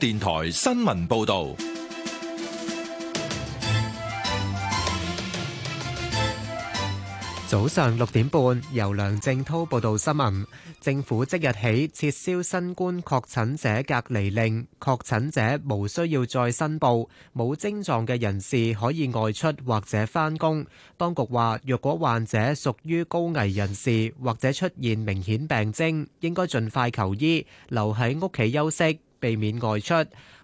電台新聞報道：早上六點半，由梁正濤報道新聞。政府即日起撤銷新冠確診者隔離令，確診者無需要再申報。冇症狀嘅人士可以外出或者返工。當局話，若果患者屬於高危人士或者出現明顯病徵，應該盡快求醫，留喺屋企休息。避免外出。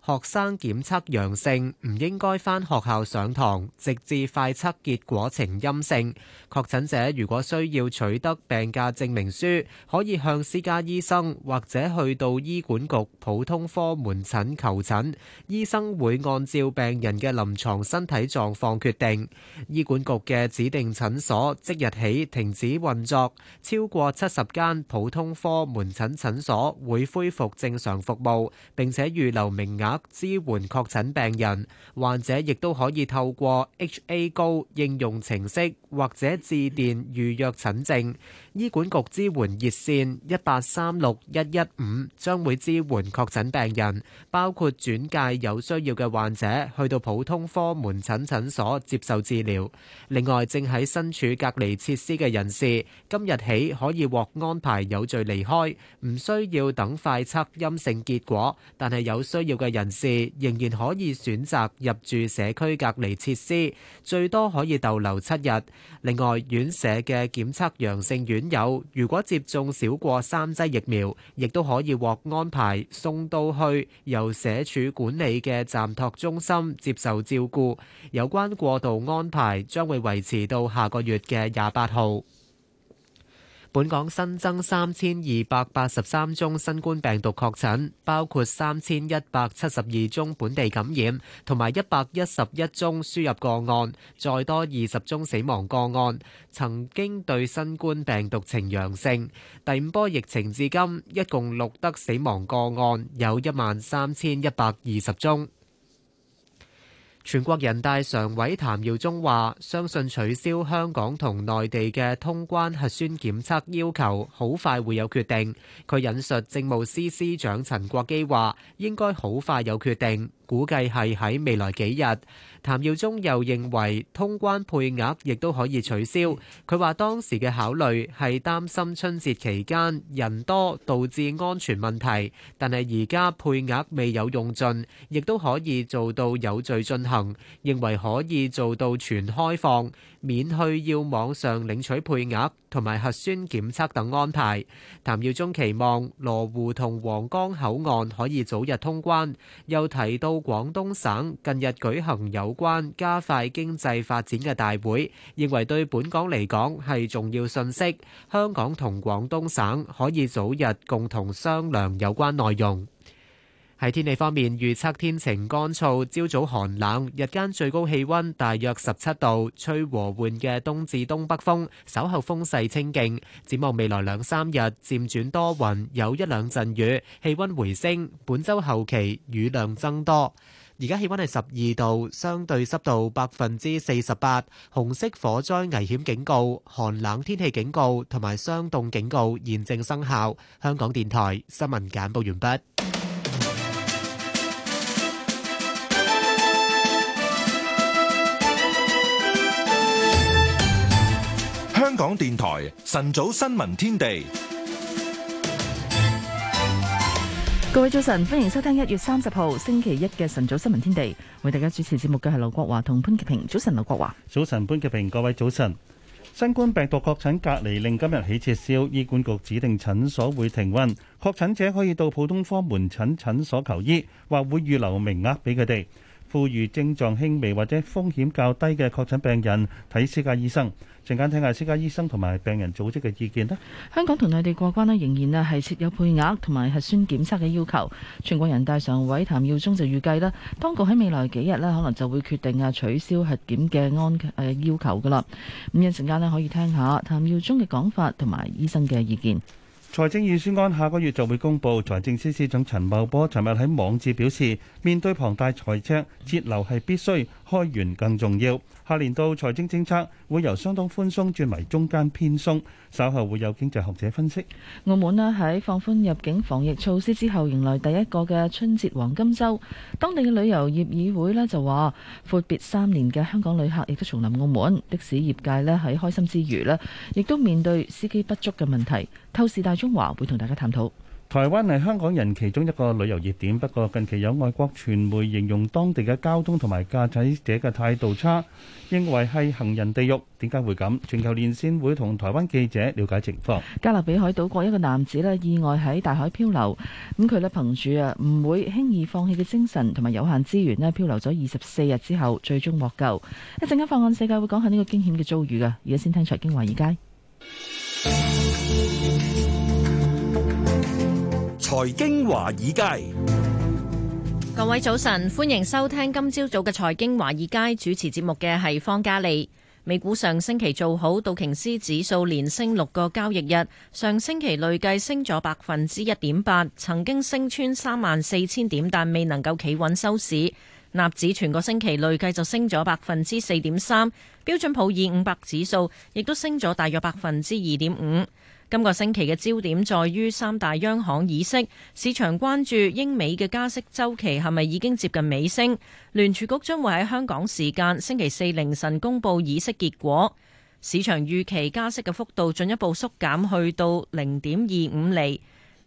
學生檢測陽性唔應該返學校上堂，直至快測結果呈陰性。確診者如果需要取得病假證明書，可以向私家醫生或者去到醫管局普通科門診求診，醫生會按照病人嘅臨牀身體狀況決定。醫管局嘅指定診所即日起停止運作，超過七十間普通科門診診所會恢復正常服務，並且預留名額。支援確診病人，患者亦都可以透過 HA 高應用程式或者致電預約診症。醫管局支援熱線一八三六一一五將會支援確診病人，包括轉介有需要嘅患者去到普通科門診診所接受治療。另外，正喺身處隔離設施嘅人士，今日起可以獲安排有序離開，唔需要等快測陰性結果。但係有需要嘅人士仍然可以選擇入住社區隔離設施，最多可以逗留七日。另外，院舍嘅檢測陽性院有，如果接種少過三劑疫苗，亦都可以獲安排送到去由社署管理嘅暫托中心接受照顧。有關過渡安排將會維持到下個月嘅廿八號。本港新增三千二百八十三宗新冠病毒確診，包括三千一百七十二宗本地感染，同埋一百一十一宗輸入個案，再多二十宗死亡個案，曾經對新冠病毒呈陽性。第五波疫情至今，一共錄得死亡個案有一萬三千一百二十宗。全國人大常委譚耀宗話：相信取消香港同內地嘅通關核酸檢測要求，好快會有決定。佢引述政務司司長陳國基話：應該好快有決定，估計係喺未來幾日。譚耀宗又認為通關配額亦都可以取消。佢話當時嘅考慮係擔心春節期間人多導致安全問題，但係而家配額未有用盡，亦都可以做到有序進行。認為可以做到全開放，免去要網上領取配額同埋核酸檢測等安排。譚耀宗期望羅湖同黃崗口岸可以早日通關。又提到廣東省近日舉行有關加快經濟發展嘅大會，認為對本港嚟講係重要信息。香港同廣東省可以早日共同商量有關內容。喺天氣方面，預測天晴乾燥，朝早寒冷，日間最高氣溫大約十七度，吹和緩嘅東至東北風，稍後風勢清勁。展望未來兩三日漸轉多雲，有一兩陣雨，氣溫回升。本周後期雨量增多。而家氣溫係十二度，相對濕度百分之四十八。紅色火災危險警告，寒冷天氣警告同埋霜凍警告現正生效。香港電台新聞簡報完畢。香港電台晨早新聞天地。各位早晨，歡迎收聽一月三十號星期一嘅晨早新聞天地。為大家主持節目嘅係劉國華同潘潔平。早晨，劉國華。早晨，潘潔平。各位早晨。新冠病毒確診隔離令今日起撤銷，醫管局指定診所會停運，確診者可以到普通科門診診所求醫，或會預留名額俾佢哋，賦予症狀輕微或者風險較低嘅確診病人睇私家醫生。陣間聽下私家醫生同埋病人組織嘅意見啦。香港同內地過關咧，仍然咧係設有配額同埋核酸檢測嘅要求。全國人大常委譚耀宗就預計啦，當局喺未來幾日咧，可能就會決定啊取消核檢嘅安誒要求噶啦。咁一陣間咧，可以聽下譚耀宗嘅講法同埋醫生嘅意見。財政預算案下個月就會公布，財政司司長陳茂波尋日喺網誌表示，面對龐大財赤，節流係必須，開源更重要。下年度財政政策會由相當寬鬆轉為中間偏鬆，稍後會有經濟學者分析。澳門咧喺放寬入境防疫措施之後，迎來第一個嘅春節黃金週。當地嘅旅遊業議會咧就話，闊別三年嘅香港旅客亦都重臨澳門。的士業界咧喺開心之餘咧，亦都面對司機不足嘅問題。透視大中華會同大家探討。台灣係香港人其中一個旅遊熱點，不過近期有外國傳媒形容當地嘅交通同埋駕駛者嘅態度差，認為係行人地獄。點解會咁？全球連線會同台灣記者了解情況。加勒比海島國一個男子咧意外喺大海漂流，咁佢咧憑住啊唔會輕易放棄嘅精神同埋有限資源咧漂流咗二十四日之後，最終獲救。一陣間放眼世界會講下呢個驚險嘅遭遇㗎，而家先聽財經華爾街。財經華爾街，各位早晨，歡迎收聽今朝早嘅財經華爾街，主持節目嘅係方嘉利。美股上星期做好，道瓊斯指數連升六個交易日，上星期累計升咗百分之一點八，曾經升穿三萬四千點，但未能夠企穩收市。納指全個星期累計就升咗百分之四點三，標準普爾五百指數亦都升咗大約百分之二點五。今個星期嘅焦點在於三大央行議息，市場關注英美嘅加息周期係咪已經接近尾聲。聯儲局將會喺香港時間星期四凌晨公布議息結果，市場預期加息嘅幅度進一步縮減去到零點二五厘。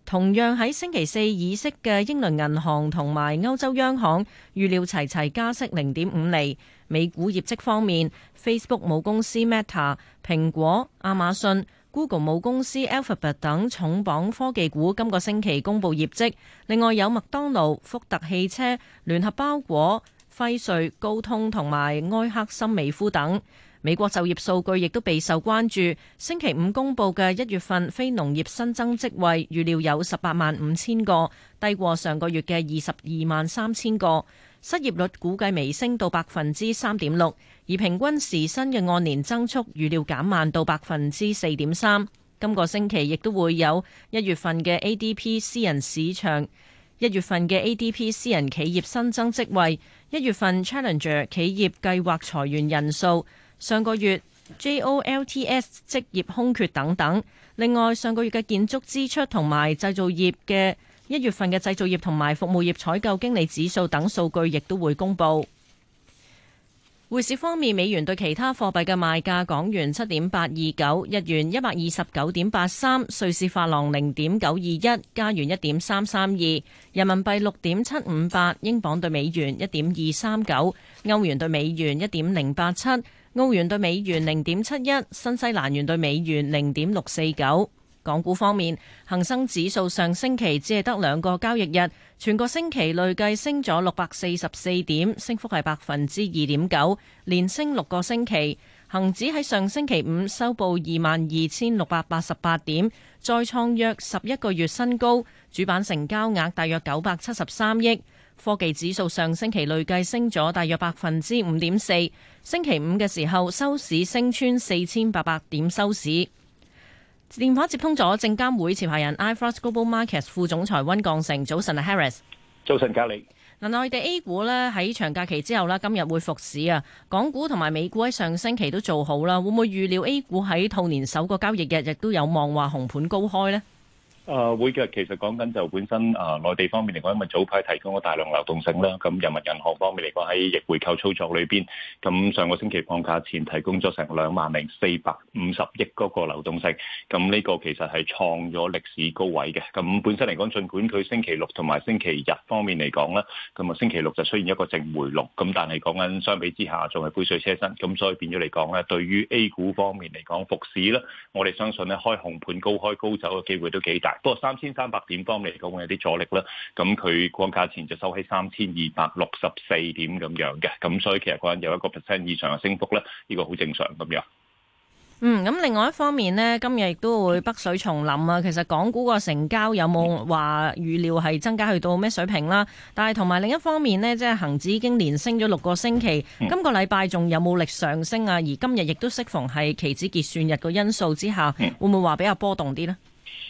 同樣喺星期四議息嘅英倫銀行同埋歐洲央行，預料齊齊加息零點五厘。美股業績方面，Facebook 母公司 Meta、蘋果、亞馬遜。Google 母公司 Alphabet 等重磅科技股今個星期公布業績，另外有麥當勞、福特汽車、聯合包裹、輝瑞、高通同埋埃克森美孚等。美國就業數據亦都備受關注。星期五公布嘅一月份非農業新增職位預料有十八萬五千個，低過上個月嘅二十二萬三千個。失業率估計微升到百分之三點六，而平均時薪嘅按年增速預料減慢到百分之四點三。今個星期亦都會有一月份嘅 ADP 私人市場、一月份嘅 ADP 私人企業新增職位、一月份 Challenger 企業計劃裁員人數、上個月 JOLTS 職業空缺等等。另外，上個月嘅建築支出同埋製造業嘅。一月份嘅製造業同埋服務業採購經理指數等數據亦都會公布。匯市方面，美元對其他貨幣嘅賣價：港元七點八二九，日元一百二十九點八三，瑞士法郎零點九二一，加元一點三三二，人民幣六點七五八，英鎊對美元一點二三九，歐元對美元一點零八七，澳元對美元零點七一，新西蘭元對美元零點六四九。港股方面，恒生指數上星期只係得兩個交易日，全個星期累計升咗六百四十四點，升幅係百分之二點九，連升六個星期。恒指喺上星期五收報二萬二千六百八十八點，再創約十一個月新高。主板成交額大約九百七十三億。科技指數上星期累計升咗大約百分之五點四，星期五嘅時候收市升穿四千八百點收市。電話接通咗證監會前派人 i Frost Global Markets 副總裁溫鋼成，早晨啊，Harris。早晨，格里。嗱，內地 A 股咧喺長假期之後啦，今日會復市啊。港股同埋美股喺上星期都做好啦，會唔會預料 A 股喺兔年首個交易日亦都有望話紅盤高開呢？誒會嘅，其實講緊就本身誒內地方面嚟講，因為早排提供咗大量流動性啦，咁人民銀行方面嚟講喺逆回購操作裏邊，咁上個星期放假前提供咗成兩萬零四百五十億嗰個流動性，咁、這、呢個其實係創咗歷史高位嘅。咁本身嚟講，儘管佢星期六同埋星期日方面嚟講咧，咁啊星期六就出現一個淨回籠，咁但係講緊相比之下仲係杯水車薪，咁所以變咗嚟講咧，對於 A 股方面嚟講復市啦，我哋相信咧開紅盤高開高走嘅機會都幾大。不過三千三百點方面嚟講，會有啲阻力啦。咁佢個價錢就收喺三千二百六十四點咁樣嘅。咁所以其實個人有一個 percent 以上嘅升幅啦，呢、呢個好正常咁樣。嗯，咁另外一方面呢，今日亦都會北水重臨啊。其實港股個成交有冇話、嗯、預料係增加去到咩水平啦、啊？但係同埋另一方面呢，即係恒指已經連升咗六個星期，今個禮拜仲有冇力上升啊？而今日亦都適逢係期指結算日個因素之下，會唔會話比較波動啲呢？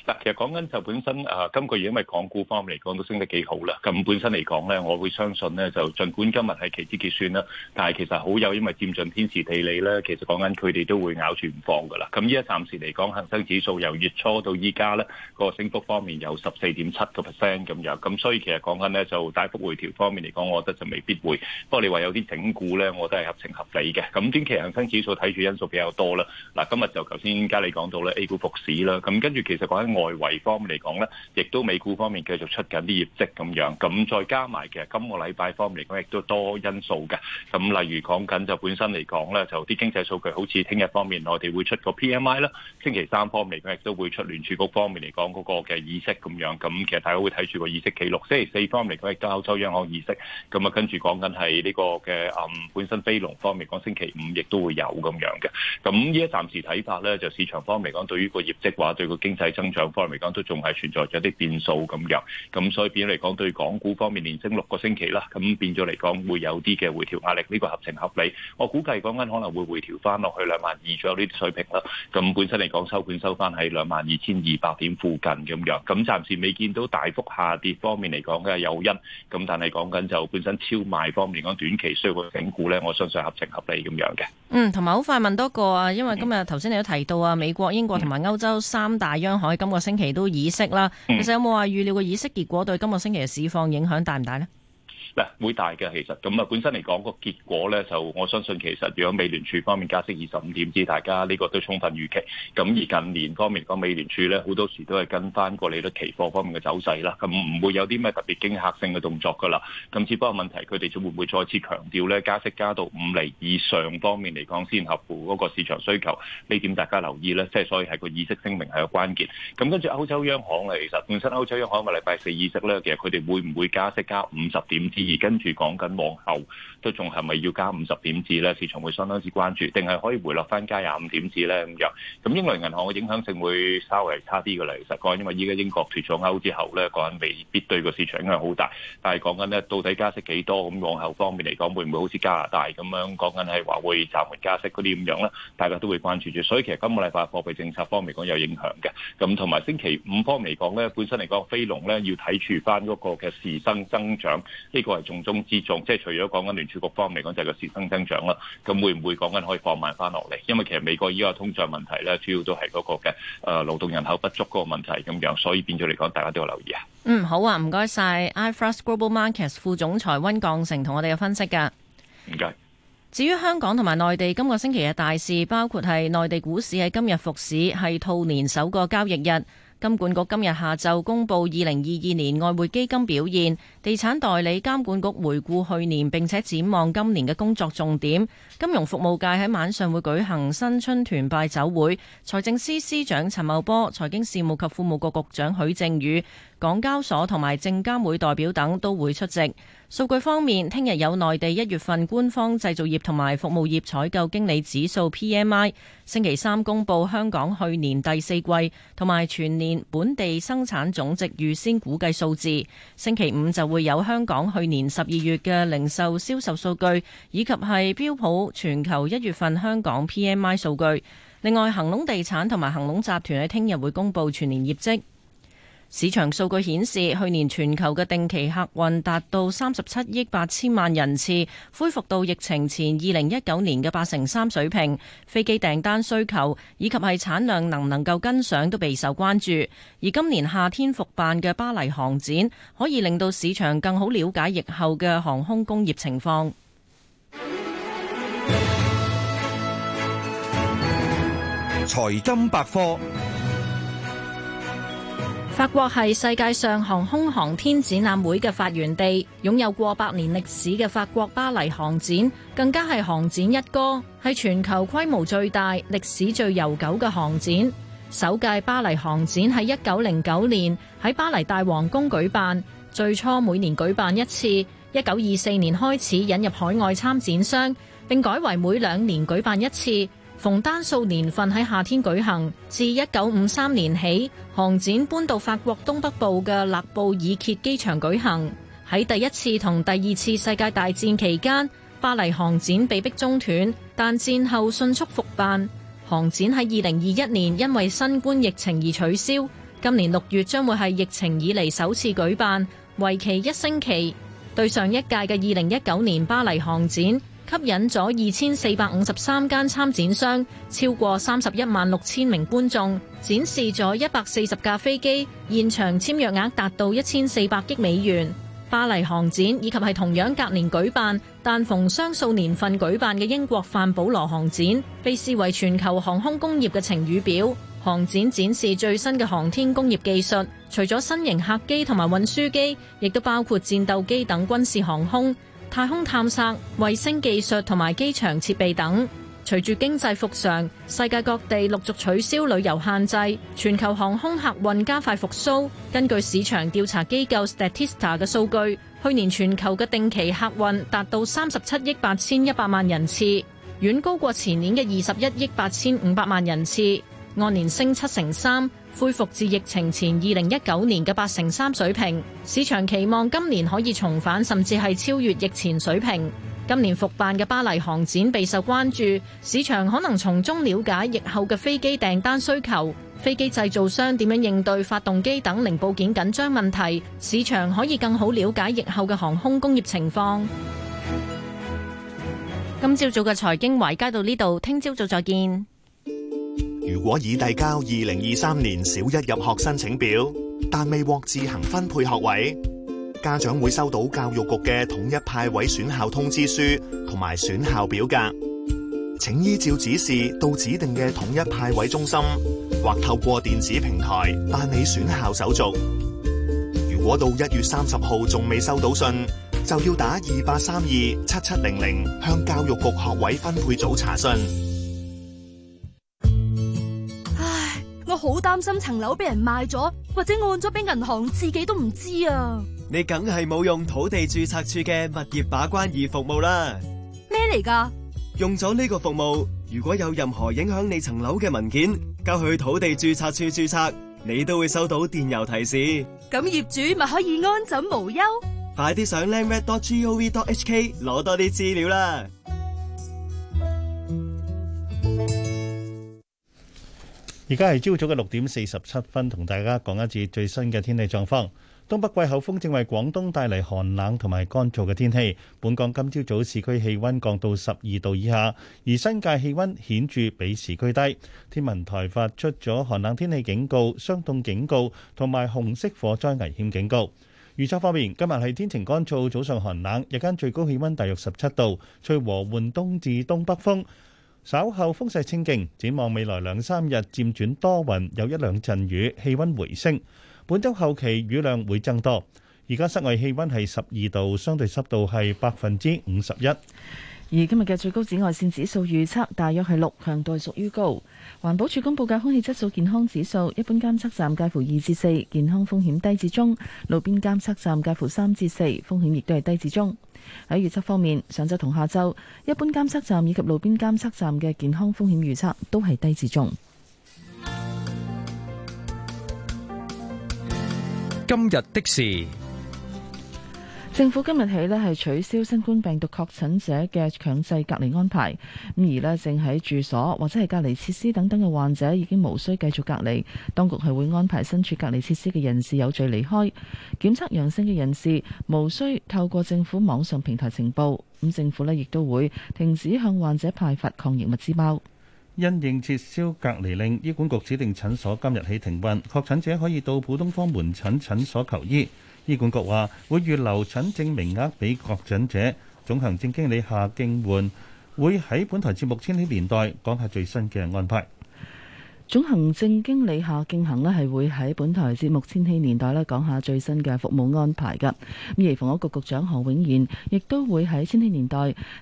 嗱，其實講緊就本身啊，今個月因為港股方面嚟講都升得幾好啦。咁本身嚟講咧，我會相信咧，就儘管今日係期指結算啦，但係其實好有因為佔盡天時地利咧，其實講緊佢哋都會咬住唔放噶啦。咁依家暫時嚟講，恒生指數由月初到依家咧，個升幅方面有十四點七個 percent 咁樣。咁所以其實講緊咧，就大幅回調方面嚟講，我覺得就未必會。不過你話有啲整固咧，我都係合情合理嘅。咁短期恒生指數睇住因素比較多啦。嗱，今日就頭先加你講到咧，A 股復市啦。咁跟住其實講緊。外圍方面嚟講咧，亦都美股方面繼續出緊啲業績咁樣，咁再加埋其實今個禮拜方面嚟講，亦都多因素嘅。咁例如講緊就本身嚟講咧，就啲經濟數據好似聽日方面，我哋會出個 PMI 啦。星期三方面嚟講亦都會出聯儲局方面嚟講嗰個嘅議息咁樣。咁其實大家都會睇住個議息記錄，星期四方面嚟講係歐洲央行議息，咁啊跟住講緊係呢個嘅本身非農方面講星期五亦都會有咁樣嘅。咁呢一暫時睇法咧，就市場方面嚟講，對於個業績話對個經濟增長。方面嚟講，都仲係存在咗啲變數咁樣，咁所以變咗嚟講，對港股方面連升六個星期啦，咁變咗嚟講會有啲嘅回調壓力，呢個合情合理。我估計講緊可能會回調翻落去兩萬二左右呢啲水平啦。咁本身嚟講收盤收翻喺兩萬二千二百點附近咁樣，咁暫時未見到大幅下跌方面嚟講嘅誘因。咁但係講緊就本身超賣方面嚟講，短期需要整固咧，我相信合情合理咁樣嘅。嗯，同埋好快問多個啊，因為今日頭先你都提到啊，美國、英國同埋歐洲三大央行今個個星期都議息啦，其實有冇話預料過議息結果對今個星期嘅市況影響大唔大咧？嗱，會大嘅其實，咁啊本身嚟講個結果咧，就我相信其實，如果美聯儲方面加息二十五點子，大家呢個都充分預期。咁而近年方面講，美聯儲咧好多時都係跟翻個利率期貨方面嘅走勢啦，咁唔會有啲咩特別驚嚇性嘅動作噶啦。咁只不過問題佢哋就會唔會再次強調咧，加息加到五厘以上方面嚟講先合乎嗰個市場需求？呢點大家留意咧，即係所以係個議息聲明係個關鍵。咁跟住歐洲央行啊，其實本身歐洲央行個禮拜四議息咧，其實佢哋會唔會加息加五十點子？而跟住講緊往後都仲係咪要加五十點子咧？市場會相當之關注，定係可以回落翻加廿五點子咧？咁樣。咁英倫銀行嘅影響性會稍微差啲嘅啦。其實，講，因為依家英國脫咗歐之後咧，講緊未必對個市場影響好大。但係講緊咧，到底加息幾多？咁往後方面嚟講會唔會好似加拿大咁樣講緊係話會暫緩加息嗰啲咁樣咧？大家都會關注住。所以其實今個禮拜貨幣政策方面講有影響嘅。咁同埋星期五方面講咧，本身嚟講飛龍咧要睇住翻嗰個嘅時薪增長呢個。重中之重，即係除咗講緊聯儲局方面嚟講，就係個時薪增長啦。咁會唔會講緊可以放慢翻落嚟？因為其實美國依個通脹問題咧，主要都係嗰個嘅誒勞動人口不足嗰個問題咁樣，所以變咗嚟講，大家都要留意啊。嗯，好啊，唔該晒。IFRS Global Markets 副總裁溫鋼成同我哋嘅分析噶。唔該。至於香港同埋內地今個星期嘅大事，包括係內地股市喺今日復市，係兔年首個交易日。金管局今日下晝公布二零二二年外匯基金表現，地產代理監管局回顧去年並且展望今年嘅工作重點。金融服務界喺晚上會舉行新春團拜酒會。財政司司，司長陳茂波、財經事務及庫務局局，局長許正宇，港交所同埋證監會代表等都會出席。數據方面，聽日有內地一月份官方製造業同埋服務業採購經理指數 PMI，星期三公布香港去年第四季同埋全年本地生產總值預先估計數字。星期五就會有香港去年十二月嘅零售銷售數據，以及係標普全球一月份香港 PMI 數據。另外，恒隆地產同埋恒隆集團喺聽日會公布全年業績。市場數據顯示，去年全球嘅定期客運達到三十七億八千萬人次，恢復到疫情前二零一九年嘅八成三水平。飛機訂單需求以及係產量能唔能夠跟上都備受關注。而今年夏天復辦嘅巴黎航展，可以令到市場更好了解疫後嘅航空工業情況。財金百科。法國係世界上航空航天展覽會嘅發源地，擁有過百年歷史嘅法國巴黎航展，更加係航展一哥，係全球規模最大、歷史最悠久嘅航展。首屆巴黎航展喺一九零九年喺巴黎大皇宮舉辦，最初每年舉辦一次，一九二四年開始引入海外參展商，並改為每兩年舉辦一次。逢單數年份喺夏天舉行，自一九五三年起，航展搬到法國東北部嘅勒布爾傑機場舉行。喺第一次同第二次世界大戰期間，巴黎航展被迫中斷，但戰後迅速復辦。航展喺二零二一年因為新冠疫情而取消，今年六月將會係疫情以嚟首次舉辦，為期一星期。對上一屆嘅二零一九年巴黎航展，吸引咗二千四百五十三間參展商，超過三十一萬六千名觀眾，展示咗一百四十架飛機，現場簽約額達到一千四百億美元。巴黎航展以及係同樣隔年舉辦，但逢雙數年份舉辦嘅英國范保羅航展，被視為全球航空工業嘅晴雨表。航展展示最新嘅航天工業技術，除咗新型客機同埋運輸機，亦都包括戰鬥機等軍事航空。.太空探測衛星技術同埋機場設備等，隨住經濟復常，世界各地陸續取消旅遊限制，全球航空客運加快復蘇，根據市場調查機構 Statista 嘅數據，去年全球嘅定期客運達到三十七億八千一百萬人次，遠高過前年嘅二十一億八千五百萬人次，按年升七成三。恢復至疫情前二零一九年嘅八成三水平，市場期望今年可以重返甚至係超越疫情水平。今年復辦嘅巴黎航展備受關注，市場可能從中了解疫後嘅飛機訂單需求、飛機製造商點樣應對發動機等零部件緊張問題，市場可以更好了解疫後嘅航空工業情況。今朝早嘅財經維佳到呢度，聽朝早再見。如果已遞交二零二三年小一入學申請表，但未獲自行分配學位，家長會收到教育局嘅統一派位選校通知書同埋選校表格，請依照指示到指定嘅統一派位中心或透過電子平台辦理選校手續。如果到一月三十號仲未收到信，就要打二八三二七七零零向教育局學位分配組查詢。好擔心層樓俾人賣咗，或者按咗俾銀行，自己都唔知啊！你梗係冇用土地注冊處嘅物業把關而服務啦？咩嚟噶？用咗呢個服務，如果有任何影響你層樓嘅文件，交去土地注冊處注冊，你都會收到電郵提示。咁業主咪可以安枕無憂？快啲上 landred.gov.hk 攞多啲資料啦！而家係朝早嘅六點四十七分，同大家講一次最新嘅天氣狀況。東北季候風正為廣東帶嚟寒冷同埋乾燥嘅天氣。本港今朝早市區氣温降到十二度以下，而新界氣温顯著比市區低。天文台發出咗寒冷天氣警告、霜凍警告、同埋紅色火災危險警告。預測方面，今日係天晴乾燥，早上寒冷，日間最高氣温大約十七度，吹和緩東至東北風。稍後風勢清勁，展望未來兩三日漸轉多雲，有一兩陣雨，氣温回升。本週後期雨量會增多。而家室外氣温係十二度，相對濕度係百分之五十一。而今日嘅最高紫外線指數預測大約係六，強度屬於高。環保署公布嘅空氣質素健康指數，一般監測站介乎二至四，健康風險低至中；路邊監測站介乎三至四，風險亦都係低至中。喺預測方面，上周同下周一般監測站以及路邊監測站嘅健康風險預測都係低至中。今日的事。政府今日起呢，係取消新冠病毒確診者嘅強制隔離安排，咁而呢正喺住所或者係隔離設施等等嘅患者已經無需繼續隔離，當局係會安排身處隔離設施嘅人士有序離開，檢測陽性嘅人士無需透過政府網上平台呈報，咁政府呢亦都會停止向患者派發抗疫物資包。因應撤銷隔離令，醫管局指定診所今日起停運，確診者可以到普通科門診診所求醫。醫管局話會預留診症名額俾確診者，總行政經理夏敬換會喺本台節目《千禧年代》講下最新嘅安排。總行政經理夏敬恒咧係會喺本台節目《千禧年代》咧講下最新嘅服務安排。噶，而房屋局局長何永賢亦都會喺《千禧年代》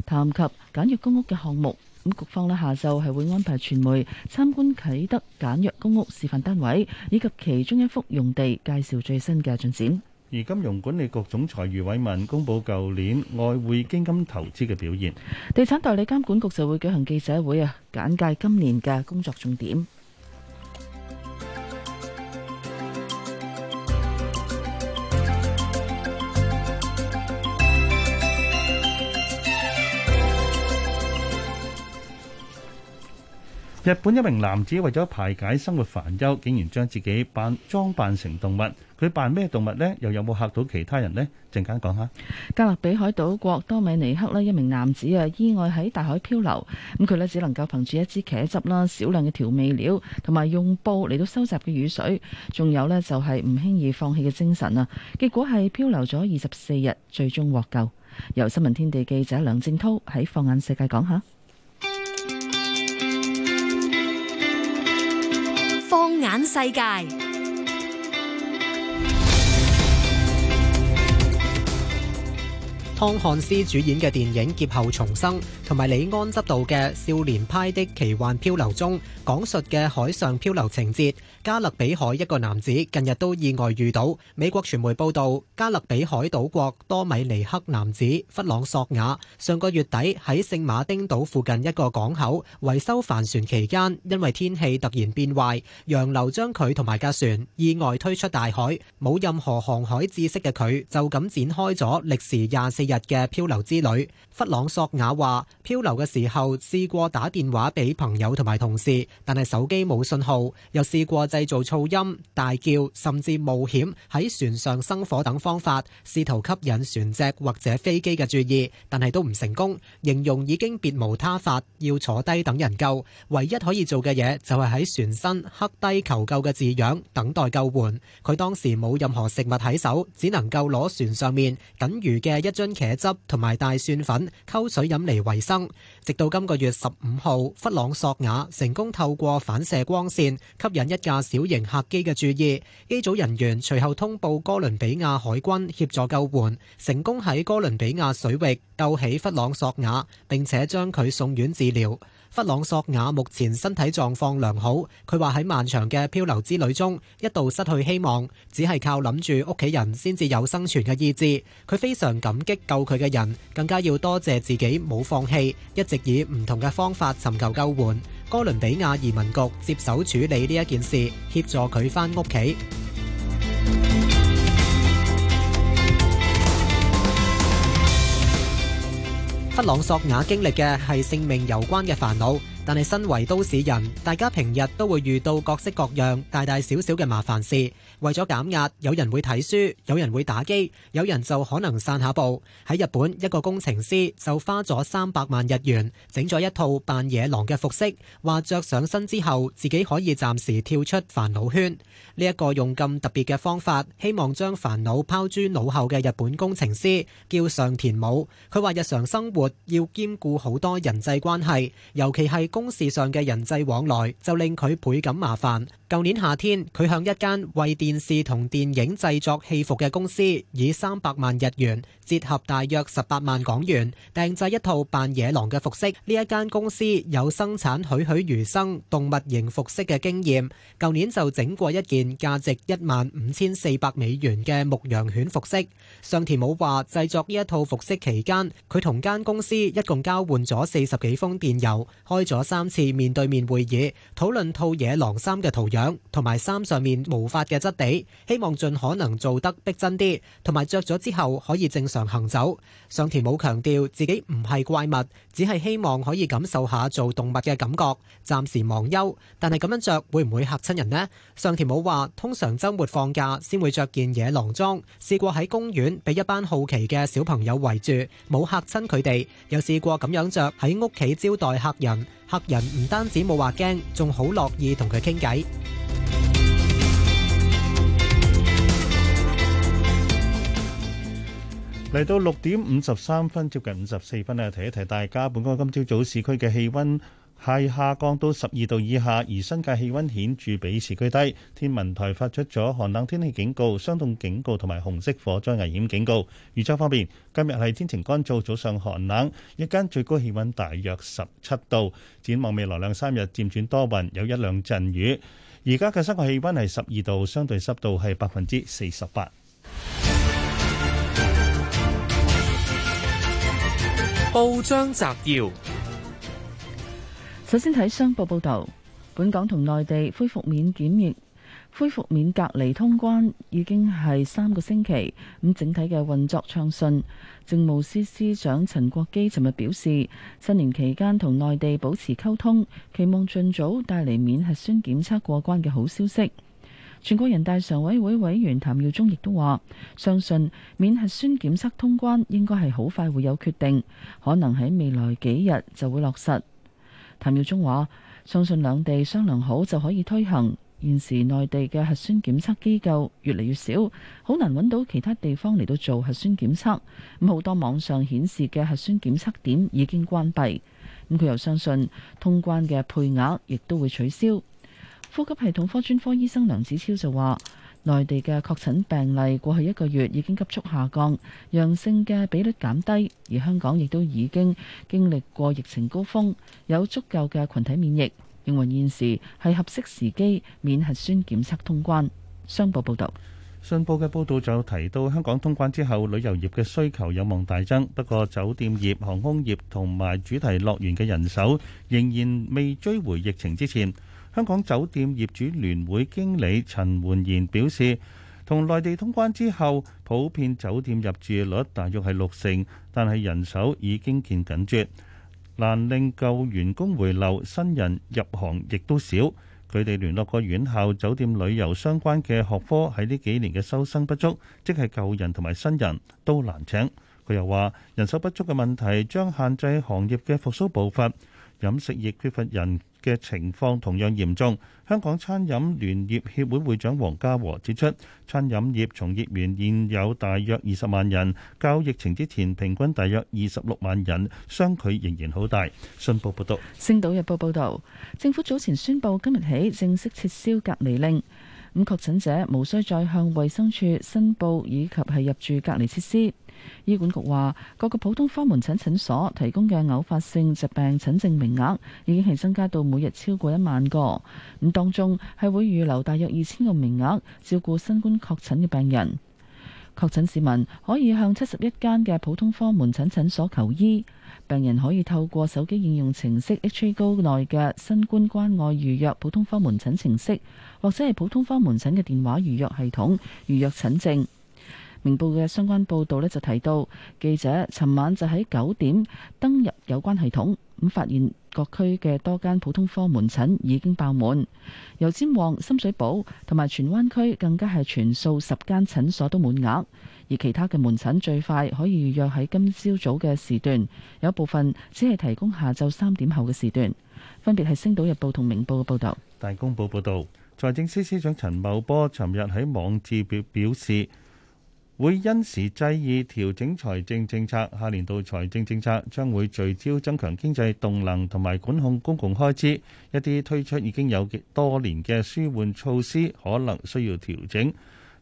談及簡約公屋嘅項目。咁局方咧下晝係會安排傳媒參觀啟德簡約公屋示範單位以及其中一幅用地，介紹最新嘅進展。而金融管理局總裁余偉文公布舊年外匯基金，金投資嘅表現，地產代理監管局就會舉行記者會啊，簡介今年嘅工作重點。日本一名男子為咗排解生活煩憂，竟然將自己扮裝扮成動物。佢扮咩動物呢？又有冇嚇到其他人呢？陣間講下。加勒比海島國多米尼克呢一名男子啊，意外喺大海漂流。咁佢呢只能夠憑住一支茄汁啦、少量嘅調味料同埋用布嚟到收集嘅雨水，仲有呢，就係唔輕易放棄嘅精神啊！結果係漂流咗二十四日，最終獲救。由新聞天地記者梁正濤喺放眼世界講下。眼世界，湯漢斯主演嘅電影《劫後重生》，同埋李安執導嘅《少年派的奇幻漂流》中，講述嘅海上漂流情節。加勒比海一個男子近日都意外遇到。美國傳媒報道，加勒比海島國多米尼克男子弗朗索瓦上個月底喺聖馬丁島附近一個港口維修帆船期間，因為天氣突然變壞，洋流將佢同埋架船意外推出大海。冇任何航海知識嘅佢就咁展開咗歷時廿四日嘅漂流之旅。弗朗索瓦話，漂流嘅時候試過打電話俾朋友同埋同事，但係手機冇信號，又試過。製造噪音、大叫，甚至冒險喺船上生火等方法，試圖吸引船隻或者飛機嘅注意，但係都唔成功。形容已經別無他法，要坐低等人救，唯一可以做嘅嘢就係喺船身刻低求救嘅字樣，等待救援。佢當時冇任何食物喺手，只能夠攞船上面僅餘嘅一樽茄汁同埋大蒜粉溝水飲嚟維生。直到今個月十五號，弗朗索瓦成功透過反射光線吸引一架。小型客機嘅注意，機組人員隨後通報哥倫比亞海軍協助救援，成功喺哥倫比亞水域救起弗朗索瓦，並且將佢送院治療。弗朗索瓦目前身體狀況良好，佢話喺漫長嘅漂流之旅中一度失去希望，只係靠諗住屋企人先至有生存嘅意志。佢非常感激救佢嘅人，更加要多謝自己冇放棄，一直以唔同嘅方法尋求救援。哥倫比亞移民局接手處理呢一件事，協助佢返屋企。弗朗索瓦經歷嘅係性命攸關嘅煩惱，但係身為都市人，大家平日都會遇到各式各樣、大大小小嘅麻煩事。為咗減壓，有人會睇書，有人會打機，有人就可能散下步。喺日本，一個工程師就花咗三百萬日元整咗一套扮野狼嘅服飾，話着上身之後自己可以暫時跳出煩惱圈。呢一個用咁特別嘅方法，希望將煩惱拋諸腦後嘅日本工程師叫上田武，佢話日常生活要兼顧好多人際關係，尤其係公事上嘅人際往來，就令佢倍感麻煩。舊年夏天，佢向一間為電視同電影製作戲服嘅公司，以三百萬日元折合大約十八萬港元訂製一套扮野狼嘅服飾。呢一間公司有生產栩栩如生動物型服飾嘅經驗，舊年就整過一件價值一萬五千四百美元嘅牧羊犬服飾。上田武話，製作呢一套服飾期間，佢同間公司一共交換咗四十幾封電郵，開咗三次面對面會議，討論套野狼衫嘅圖。同埋衫上面毛髮嘅質地，希望盡可能做得逼真啲，同埋着咗之後可以正常行走。上田冇強調自己唔係怪物。只係希望可以感受下做動物嘅感覺，暫時忘憂。但係咁樣着會唔會嚇親人呢？上田冇話，通常週末放假先會着件野狼裝，試過喺公園俾一班好奇嘅小朋友圍住，冇嚇親佢哋。又試過咁樣着喺屋企招待客人，客人唔單止冇話驚，仲好樂意同佢傾偈。嚟到六點五十三分，接近五十四分咧，提一提大家。本港今朝早早市區嘅氣温係下降到十二度以下，而新界氣温顯著比市區低。天文台發出咗寒冷天氣警告、霜凍警告同埋紅色火災危險警告。預測方面，今日係天晴乾燥，早上寒冷，日間最高氣温大約十七度。展望未來兩三日，漸轉多雲，有一兩陣雨。而家嘅室外氣温係十二度，相對濕度係百分之四十八。報章摘要：首先睇商報報道，本港同內地恢復免檢疫、恢復免隔離通關已經係三個星期，咁整體嘅運作暢順。政務司司長陳國基尋日表示，新年期間同內地保持溝通，期望盡早帶嚟免核酸檢測過關嘅好消息。全國人大常委會委員譚耀宗亦都話：相信免核酸檢測通關應該係好快會有決定，可能喺未來幾日就會落實。譚耀宗話：相信兩地商量好就可以推行。現時內地嘅核酸檢測機構越嚟越少，好難揾到其他地方嚟到做核酸檢測。咁好多網上顯示嘅核酸檢測點已經關閉。咁佢又相信通關嘅配額亦都會取消。呼吸系統科專科醫生梁子超就話，內地嘅確診病例過去一個月已經急速下降，陽性嘅比率減低，而香港亦都已經經歷過疫情高峰，有足夠嘅羣體免疫，認為現時係合適時機免核酸檢測通關。商報報導，信報嘅報導就提到，香港通關之後，旅遊業嘅需求有望大增，不過酒店業、航空業同埋主題樂園嘅人手仍然未追回疫情之前。香港酒店業主聯會經理陳煥賢表示，同內地通關之後，普遍酒店入住率大約係六成，但係人手已經見緊絕，難令舊員工回流，新人入行亦都少。佢哋聯絡過院校、酒店、旅遊相關嘅學科，喺呢幾年嘅收生不足，即係舊人同埋新人都難請。佢又話，人手不足嘅問題將限制行業嘅復甦步伐，飲食亦缺乏人。嘅情況同樣嚴重。香港餐飲聯業協會會長黃家和指出，餐飲業從業員現有大約二十萬人，較疫情之前平均大約二十六萬人，相距仍然好大。信報報道，《星島日報》報道，政府早前宣布今日起正式撤銷隔離令，咁確診者無需再向衛生署申報以及係入住隔離設施。醫管局話，各個普通科門診診所提供嘅偶發性疾病診症名額，已經係增加到每日超過一萬個。咁當中係會預留大約二千個名額照顧新冠確診嘅病人。確診市民可以向七十一間嘅普通科門診診所求醫。病人可以透過手機應用程式 HA Go 內嘅新冠關愛預約普通科門診程式，或者係普通科門診嘅電話預約系統預約診症。明報嘅相關報導呢，就提到，記者尋晚就喺九點登入有關系統，咁發現各區嘅多間普通科門診已經爆滿，油尖旺、深水埗同埋荃灣區更加係全數十間診所都滿額，而其他嘅門診最快可以預約喺今朝早嘅時段，有部分只係提供下晝三點後嘅時段。分別係《星島日報》同《明報》嘅報導。大公報報導，財政司司長陳茂波尋日喺網誌表表示。會因時制宜調整財政政策，下年度財政政策將會聚焦增強經濟動能同埋管控公共開支，一啲推出已經有多年嘅舒緩措施可能需要調整，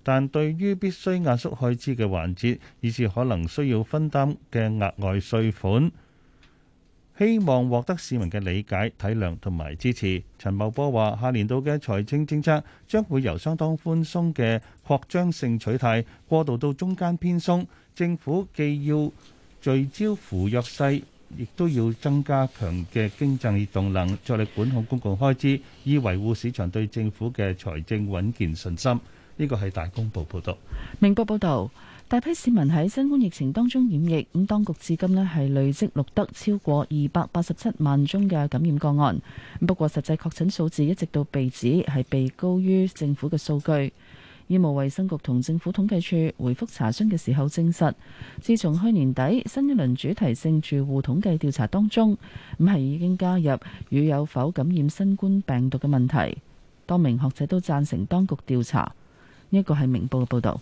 但對於必須壓縮開支嘅環節，以至可能需要分擔嘅額外稅款。希望獲得市民嘅理解、體諒同埋支持。陳茂波話：下年度嘅財政政策將會由相當寬鬆嘅擴張性取態過渡到中間偏鬆。政府既要聚焦扶弱勢，亦都要增加強嘅經濟動能，着力管控公共開支，以維護市場對政府嘅財政穩健信心。呢個係大公報報道。明報報道。大批市民喺新冠疫情當中染疫，咁當局至今呢，係累積錄得超過二百八十七萬宗嘅感染個案。不過實際確診數字一直到被指係被高於政府嘅數據，醫務衛生局同政府統計處回覆查詢嘅時候證實，自從去年底新一輪主題性住戶統計調查當中，咁係已經加入與有否感染新冠病毒嘅問題，多名學者都贊成當局調查。呢、這、一個係明報嘅報道。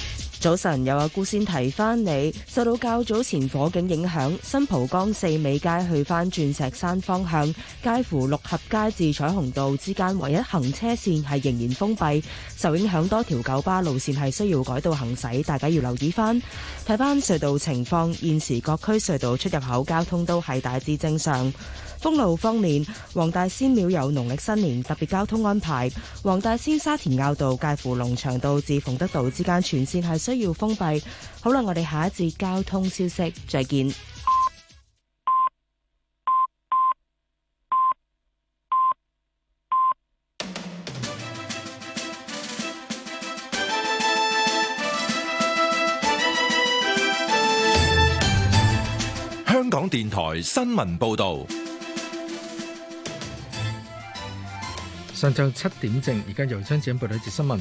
早晨，有阿姑先提翻你，受到較早前火警影響，新蒲崗四美街去翻鑽石山方向，介乎六合街至彩虹道之間唯一行車線係仍然封閉，受影響多條九巴路線係需要改道行駛，大家要留意翻。睇翻隧道情況，現時各區隧道出入口交通都係大致正常。封路方面，黃大仙廟有農曆新年特別交通安排。黃大仙沙田坳道介乎龍翔道至鳳德道之間全線係需要封閉。好啦，我哋下一節交通消息再見。香港電台新聞報道。上晝七點正，而家由張子恩報呢節新聞。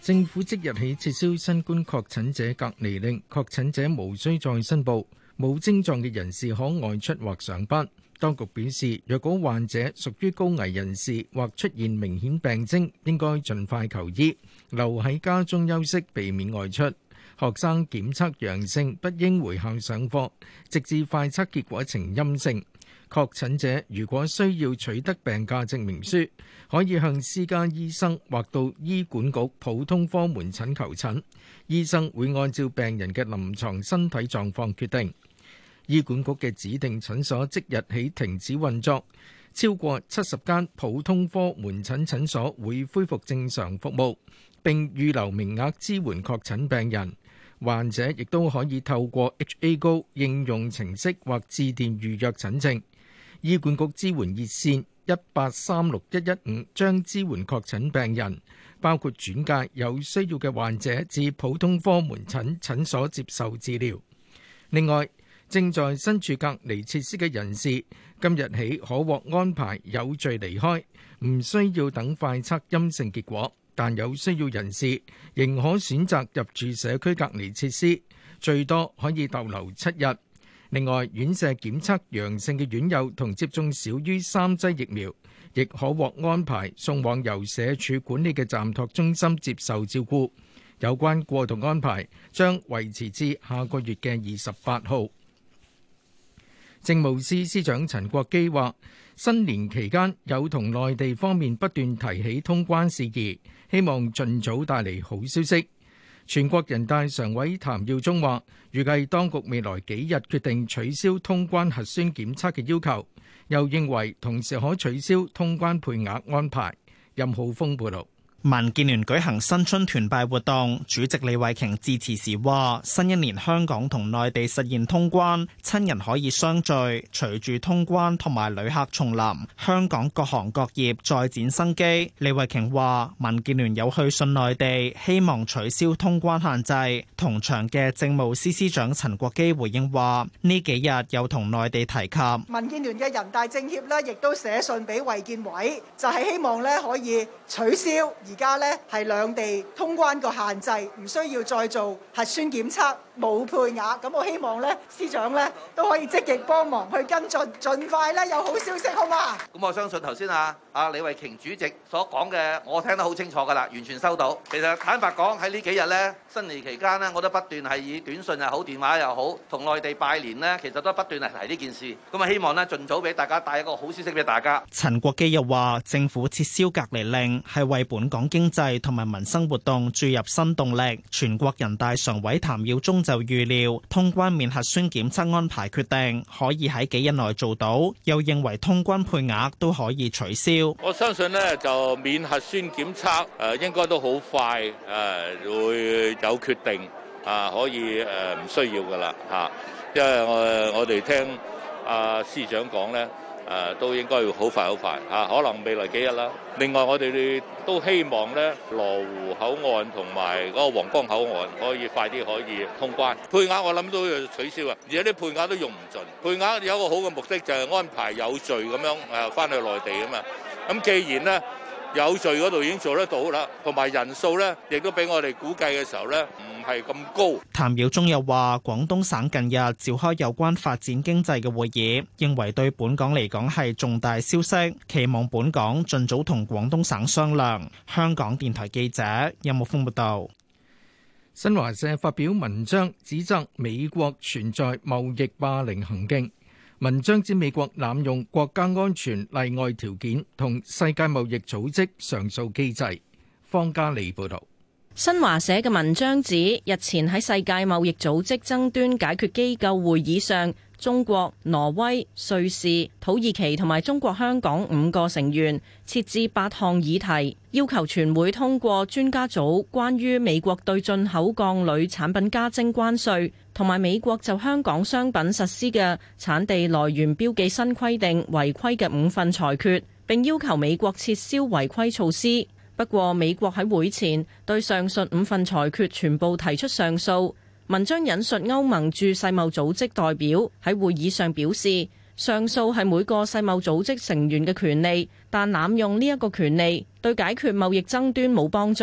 政府即日起撤銷新冠確診者隔離令，確診者無需再申報，冇症狀嘅人士可外出或上班。當局表示，若果患者屬於高危人士或出現明顯病徵，應該盡快求醫，留喺家中休息，避免外出。學生檢測陽性，不應回校上課，直至快測結果呈陰性。確診者如果需要取得病假證明書，可以向私家醫生或到醫管局普通科門診求診。醫生會按照病人嘅臨床身體狀況決定。醫管局嘅指定診所即日起停止運作，超過七十間普通科門診診所會恢復正常服務，並預留名額支援確診病人。患者亦都可以透過 H A 高應用程式或致電預約診症。醫管局支援熱線一八三六一一五將支援確診病人，包括轉介有需要嘅患者至普通科門診診所接受治療。另外，正在身處隔離設施嘅人士，今日起可獲安排有序離開，唔需要等快測陰性結果。但有需要人士仍可選擇入住社區隔離設施，最多可以逗留七日。另外，院舍檢測陽性嘅院友同接種少於三劑疫苗，亦可獲安排送往由社署管理嘅暫託中心接受照顧。有關過渡安排將維持至下個月嘅二十八號。政務司司長陳國基話：新年期間有同內地方面不斷提起通關事宜，希望盡早帶嚟好消息。全國人大常委譚耀宗話：預計當局未來幾日決定取消通關核酸檢測嘅要求，又認為同時可取消通關配額安排。任浩峰報道。民建聯舉行新春團拜活動，主席李慧瓊致辭時話：新一年香港同內地實現通關，親人可以相聚。隨住通關同埋旅客重臨，香港各行各業再展生機。李慧瓊話：民建聯有去信內地，希望取消通關限制。同場嘅政務司司長陳國基回應話：呢幾日有同內地提及，民建聯嘅人大政協呢，亦都寫信俾衛健委，就係希望咧可以取消。而家呢，係兩地通關嘅限制，唔需要再做核酸檢測。冇配額，咁我希望咧，司長咧都可以積極幫忙去跟進，盡快咧有好消息，好嘛？咁我相信頭先啊，啊李慧瓊主席所講嘅，我聽得好清楚㗎啦，完全收到。其實坦白講，喺呢幾日咧，新年期間咧，我都不斷係以短信又好，電話又好，同內地拜年咧，其實都不斷係提呢件事。咁啊，希望咧盡早俾大家帶一個好消息俾大家。陳國基又話，政府撤銷隔離令係為本港經濟同埋民生活動注入新動力。全國人大常委譚耀宗。就預料通關免核酸檢測安排決定可以喺幾日內做到，又認為通關配額都可以取消。我相信呢，就免核酸檢測誒、呃、應該都好快誒、呃、會有決定啊，可以誒唔、呃、需要㗎喇吓，因為我我哋聽阿、啊、司長講咧。誒都應該要好快好快，可能未來幾日啦。另外我哋都希望咧，羅湖口岸同埋嗰個皇崗口岸可以快啲可以通關。配額我諗都要取消啊，而且啲配額都用唔盡。配額有一個好嘅目的就係安排有序咁樣翻去內地啊嘛。咁既然呢，有序嗰度已經做得到啦，同埋人數咧，亦都俾我哋估計嘅時候咧，唔係咁高。譚耀宗又話：廣東省近日召開有關發展經濟嘅會議，認為對本港嚟講係重大消息，期望本港盡早同廣東省商量。香港電台記者任木峰報道。新華社發表文章，指責美國存在貿易霸凌行徑。文章指美國濫用國家安全例外條件同世界貿易組織上訴機制。方家利報道。新華社嘅文章指，日前喺世界貿易組織爭端解決機構會議上，中國、挪威、瑞士、土耳其同埋中國香港五個成員設置八項議題，要求全會通過專家組關於美國對進口鋼鋁產品加徵關稅。同埋，和美國就香港商品實施嘅產地來源標記新規定違規嘅五份裁決，並要求美國撤銷違規措施。不過，美國喺會前對上述五份裁決全部提出上訴。文章引述歐盟駐世貿組織代表喺會議上表示，上訴係每個世貿組織成員嘅權利，但濫用呢一個權利對解決貿易爭端冇幫助。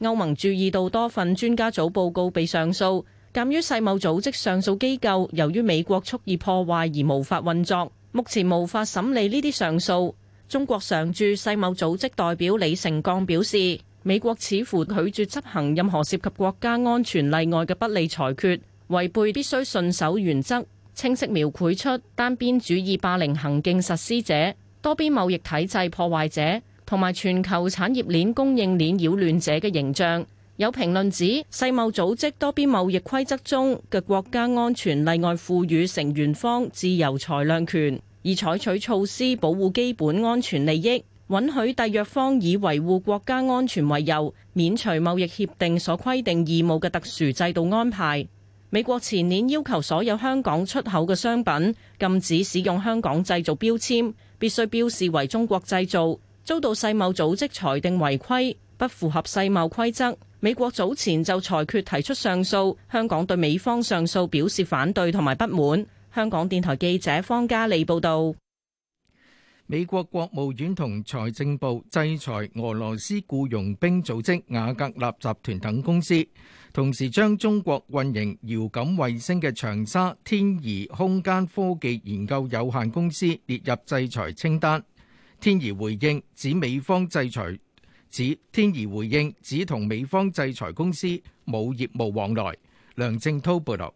歐盟注意到多份專家組報告被上訴。鑒於世貿組織上訴機構由於美國蓄意破壞而無法運作，目前無法審理呢啲上訴。中國常駐世貿組織代表李成鋼表示，美國似乎拒絕執行任何涉及國家安全例外嘅不利裁決，違背必須信守原則，清晰描繪出單邊主義霸凌行徑實施者、多邊貿易體制破壞者同埋全球產業鏈供應鏈擾亂者嘅形象。有評論指，世貿組織多邊貿易規則中嘅國家安全例外賦予成員方自由裁量權，以採取措施保護基本安全利益，允許締約方以維護國家安全為由，免除貿易協定所規定義務嘅特殊制度安排。美國前年要求所有香港出口嘅商品禁止使用香港製造標籤，必須標示為中國製造，遭到世貿組織裁定違規，不符合世貿規則。美國早前就裁決提出上訴，香港對美方上訴表示反對同埋不滿。香港電台記者方嘉莉報導，美國國務院同財政部制裁俄羅斯僱傭兵組織瓦格納集團等公司，同時將中國運營遙感衛星嘅長沙天儀空間科技研究有限公司列入制裁清單。天儀回應指美方制裁。指天怡回應，指同美方制裁公司冇業務往來。梁正濤報道。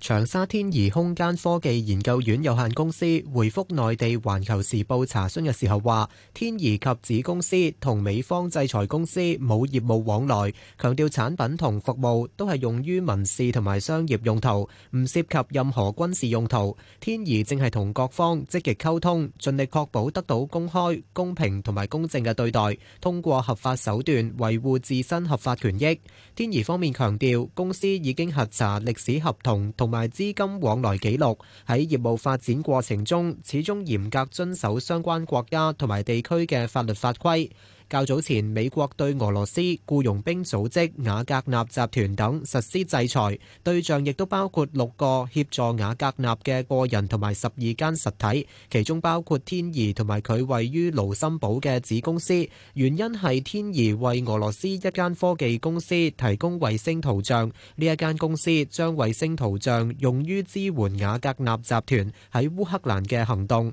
長沙天儀空間科技研究院有限公司回覆內地環球時報查詢嘅時候話，天儀及子公司同美方制裁公司冇業務往來，強調產品同服務都係用於民事同埋商業用途，唔涉及任何軍事用途。天儀正係同各方積極溝通，盡力確保得到公開、公平同埋公正嘅對待，通過合法手段維護自身合法權益。天儀方面強調，公司已經核查歷史合同同同埋資金往來記錄，喺業務發展過程中，始終嚴格遵守相關國家同埋地區嘅法律法規。較早前，美國對俄羅斯僱傭兵組織瓦格納集團等實施制裁，對象亦都包括六個協助瓦格納嘅個人同埋十二間實體，其中包括天儀同埋佢位於盧森堡嘅子公司。原因係天儀為俄羅斯一間科技公司提供衛星圖像，呢一間公司將衛星圖像用於支援瓦格納集團喺烏克蘭嘅行動。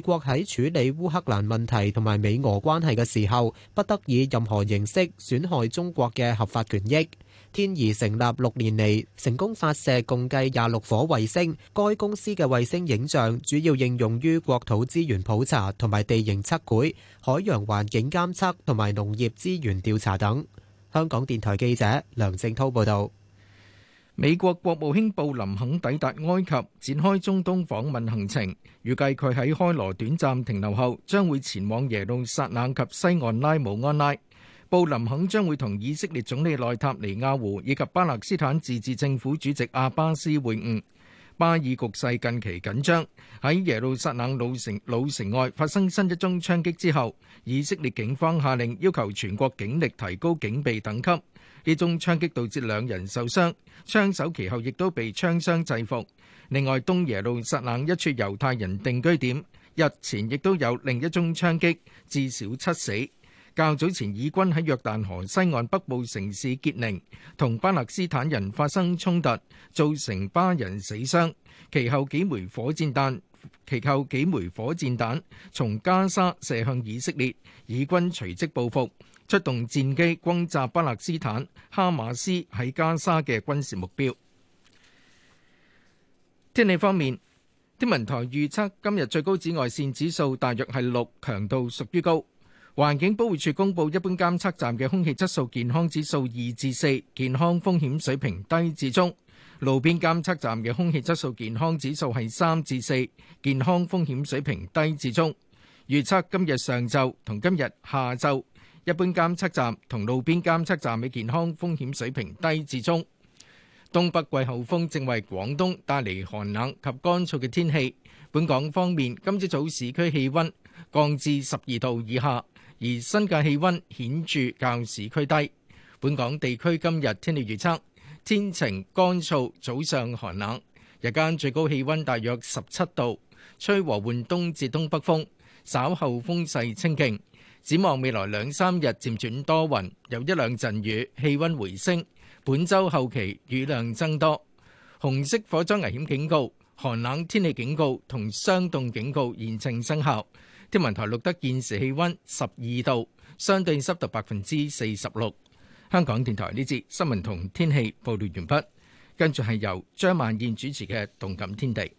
美國喺處理烏克蘭問題同埋美俄關係嘅時候，不得以任何形式損害中國嘅合法權益。天儀成立六年嚟，成功發射共計廿六顆衛星。該公司嘅衛星影像主要應用於國土資源普查同埋地形測繪、海洋環境監測同埋農業資源調查等。香港電台記者梁正濤報道。美國國務卿布林肯抵達埃及展開中東訪問行程，預計佢喺開羅短暫停留後，將會前往耶路撒冷及西岸拉姆安拉。布林肯將會同以色列總理內塔尼亞胡以及巴勒斯坦自治政府主席阿巴斯會晤。巴以局勢近期緊張，喺耶路撒冷老城老城外發生新一宗槍擊之後，以色列警方下令要求全國警力提高警備等級。一宗槍擊導致兩人受傷，槍手其後亦都被槍傷制服。另外，東耶路撒冷一處猶太人定居點日前亦都有另一宗槍擊，至少七死。較早前，以軍喺約旦河西岸北部城市傑寧同巴勒斯坦人發生衝突，造成巴人死傷。其後幾枚火箭彈，其後幾枚火箭彈從加沙射向以色列，以軍隨即報復。出動戰機轟炸巴勒斯坦哈馬斯喺加沙嘅軍事目標。天氣方面，天文台預測今日最高紫外線指數大約係六，強度屬於高。環境保護署公布一般監測站嘅空氣質素健康指數二至四，健康風險水平低至中。路邊監測站嘅空氣質素健康指數係三至四，健康風險水平低至中。預測今日上晝同今日下晝。一般監測站同路邊監測站嘅健康風險水平低至中。東北季候風正為廣東帶嚟寒冷及乾燥嘅天氣。本港方面，今朝早市區氣温降至十二度以下，而新界氣温顯著較市區低。本港地區今日天氣預測，天晴乾燥，早上寒冷，日間最高氣温大約十七度，吹和緩東至東北風，稍後風勢清勁。展望未來兩三日漸轉多雲，有一兩陣雨，氣温回升。本週後期雨量增多。紅色火災危險警告、寒冷天氣警告同霜凍警告現正生效。天文台錄得現時氣温十二度，相對濕度百分之四十六。香港電台呢節新聞同天氣報道完畢，跟住係由張萬燕主持嘅動感天地。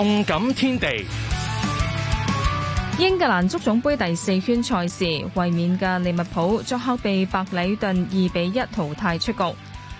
動感天地，英格蘭足總杯第四圈賽事，衛冕嘅利物浦作客被白里頓二比一淘汰出局。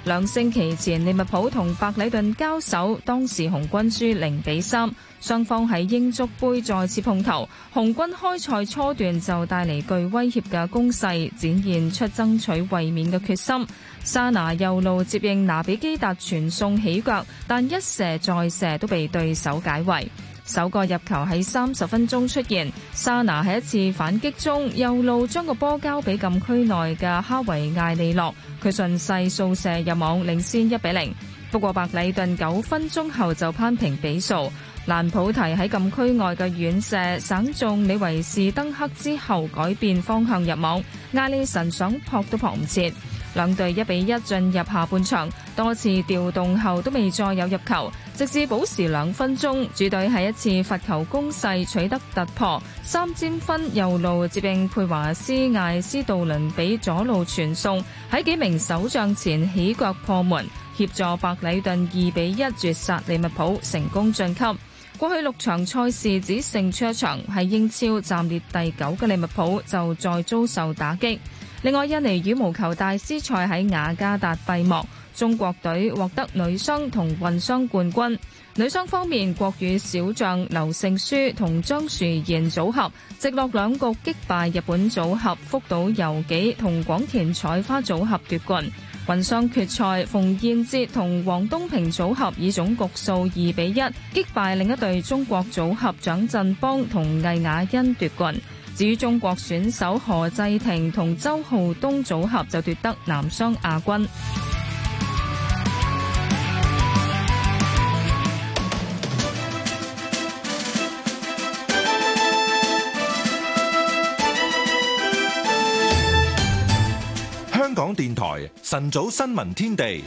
兩星期前，利物浦同白里頓交手，當時紅軍輸零比三。雙方喺英足杯再次碰頭，紅軍開賽初段就帶嚟具威脅嘅攻勢，展現出爭取衛冕嘅決心。沙拿右路接應拿比基達傳送起腳，但一射再射都被對手解圍。首個入球喺三十分鐘出現，沙拿喺一次反擊中右路將個波交俾禁區內嘅哈維艾利洛，佢順勢掃射入網，領先一比零。不過，白禮頓九分鐘後就攀平比數。蘭普提喺禁區外嘅遠射，省中李維士登克之後改變方向入網，艾利神想撲都撲唔切。兩隊一比一進入下半場，多次調動後都未再有入球，直至補時兩分鐘，主隊喺一次罰球攻勢取得突破，三尖分右路接應佩華斯艾斯杜倫畀左路傳送，喺幾名守將前起腳破門，協助白禮頓二比一絕殺利物浦，成功晉級。過去六場賽事只勝出一場，係英超暫列第九嘅利物浦就再遭受打擊。另外，印尼羽毛球大師賽喺雅加達閉幕，中國隊獲得女雙同混雙冠軍。女雙方面，國羽小將劉勝書同張殊賢組合直落兩局擊敗日本組合福島由紀同廣田彩花組合奪冠。混雙決賽，馮彥哲同黃東平組合以總局數二比一擊敗另一隊中國組合蔣振邦同魏雅欣奪冠。至於中國選手何濟霆同周昊東組合就奪得男雙亞軍。電台晨早新聞天地，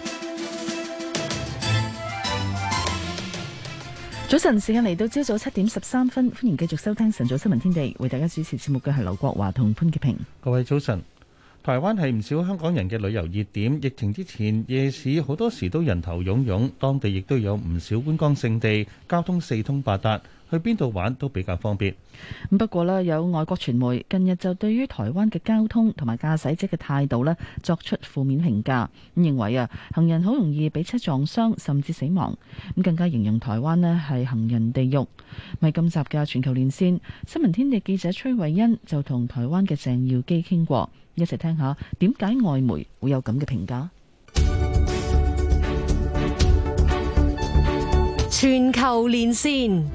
早晨時間嚟到朝早七點十三分，歡迎繼續收聽晨早新聞天地，為大家主持節目嘅係劉國華同潘潔平。各位早晨，台灣係唔少香港人嘅旅遊熱點。疫情之前，夜市好多時都人頭湧湧，當地亦都有唔少觀光勝地，交通四通八達。去邊度玩都比較方便。咁不過呢，有外國傳媒近日就對於台灣嘅交通同埋駕駛者嘅態度咧，作出負面評價，咁認為啊，行人好容易俾車撞傷甚至死亡，咁更加形容台灣咧係行人地獄。咪今集嘅全球連線，新聞天地記者崔慧欣就同台灣嘅鄭耀基傾過，一齊聽下點解外媒會有咁嘅評價。全球連線。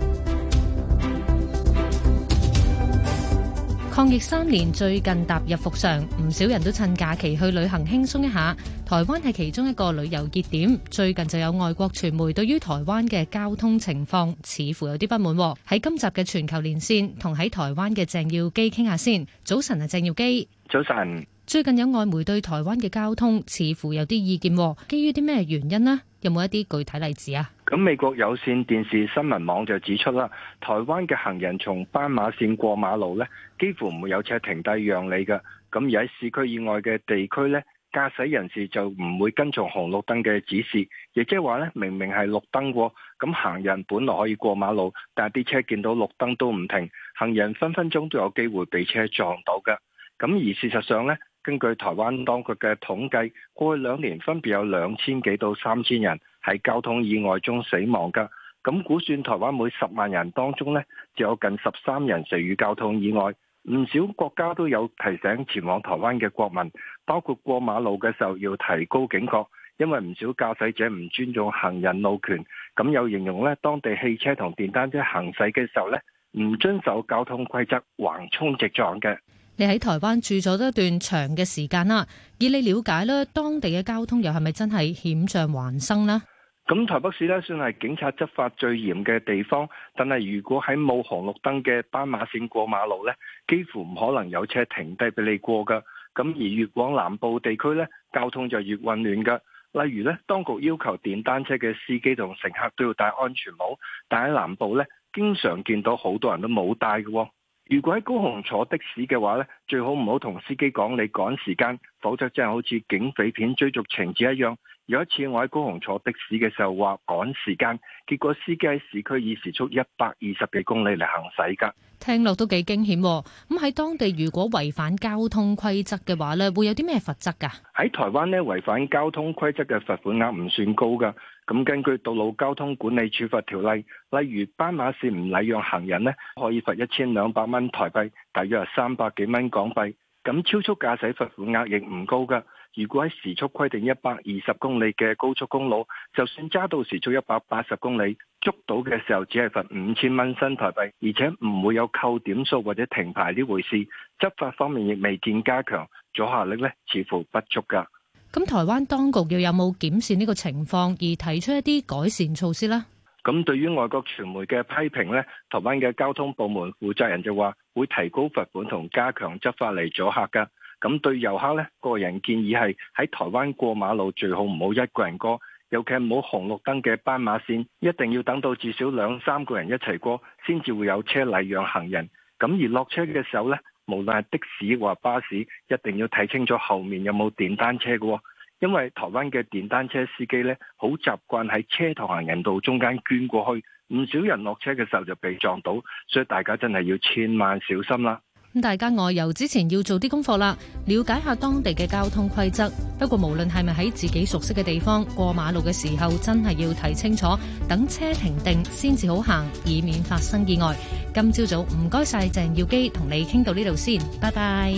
抗疫三年，最近踏入復常，唔少人都趁假期去旅行，輕鬆一下。台灣係其中一個旅遊熱點，最近就有外國傳媒對於台灣嘅交通情況似乎有啲不滿。喺今集嘅全球連線，同喺台灣嘅鄭耀基傾下先。早晨啊，鄭耀基。早晨。最近有外媒對台灣嘅交通似乎有啲意見，基於啲咩原因呢？有冇一啲具體例子啊？咁美國有線電視新聞網就指出啦，台灣嘅行人從斑馬線過馬路咧，幾乎唔會有車停低讓你㗎。咁而喺市區以外嘅地區咧，駕駛人士就唔會跟從紅綠燈嘅指示，亦即係話咧，明明係綠燈喎，咁行人本來可以過馬路，但係啲車見到綠燈都唔停，行人分分鐘都有機會被車撞到㗎。咁而事實上咧，根據台灣當局嘅統計，過去兩年分別有兩千幾到三千人，喺交通意外中死亡噶，咁估算台灣每十萬人當中咧就有近十三人死於交通意外。唔少國家都有提醒前往台灣嘅國民，包括過馬路嘅時候要提高警覺，因為唔少駕駛者唔尊重行人路權。咁又形容咧當地汽車同電單車行駛嘅時候咧唔遵守交通規則，橫衝直撞嘅。你喺台灣住咗一段長嘅時間啦，以你了解咧，當地嘅交通又係咪真係險象環生咧？咁台北市呢，算係警察執法最嚴嘅地方，但係如果喺冇紅綠燈嘅斑馬線過馬路呢，幾乎唔可能有車停低俾你過㗎。咁而越往南部地區呢，交通就越混亂㗎。例如呢，當局要求電單車嘅司機同乘客都要戴安全帽，但喺南部呢，經常見到好多人都冇戴嘅。如果喺高雄坐的士嘅話呢，最好唔好同司機講你趕時間，否則真係好似警匪片追逐情節一樣。有一次我喺高雄坐的士嘅時候，話趕時間，結果司機喺市區以時速一百二十幾公里嚟行駛噶。聽落都幾驚險。咁喺當地，如果違反交通規則嘅話呢，會有啲咩罰則噶？喺台灣呢，違反交通規則嘅罰款額唔算高噶。咁根據道路交通管理處罰條例，例如斑馬線唔禮讓行人呢，可以罰一千兩百蚊台幣，大約三百幾蚊港幣。咁超速駕駛罰款額亦唔高㗎。如果喺時速規定一百二十公里嘅高速公路，就算揸到時速一百八十公里，捉到嘅時候只係罰五千蚊新台幣，而且唔會有扣點數或者停牌呢回事。執法方面亦未見加強，阻嚇力呢似乎不足㗎。咁台灣當局又有冇檢視呢個情況而提出一啲改善措施呢？咁對於外國傳媒嘅批評呢，台灣嘅交通部門負責人就話會提高罰款同加強執法嚟阻吓噶。咁對遊客呢，個人建議係喺台灣過馬路最好唔好一個人過，尤其係冇紅綠燈嘅斑馬線，一定要等到至少兩三個人一齊過先至會有車禮讓行人。咁而落車嘅時候呢。無論係的士或巴士，一定要睇清楚後面有冇電單車嘅，哦，因為台灣嘅電單車司機咧，好習慣喺車同行人道中間鑽過去，唔少人落車嘅時候就被撞到，所以大家真係要千萬小心啦。大家外遊之前要做啲功課啦，了解下當地嘅交通規則。不過無論係咪喺自己熟悉嘅地方，過馬路嘅時候真係要睇清楚，等車停定先至好行，以免發生意外。今朝早唔該晒鄭耀基，同你傾到呢度先，拜拜。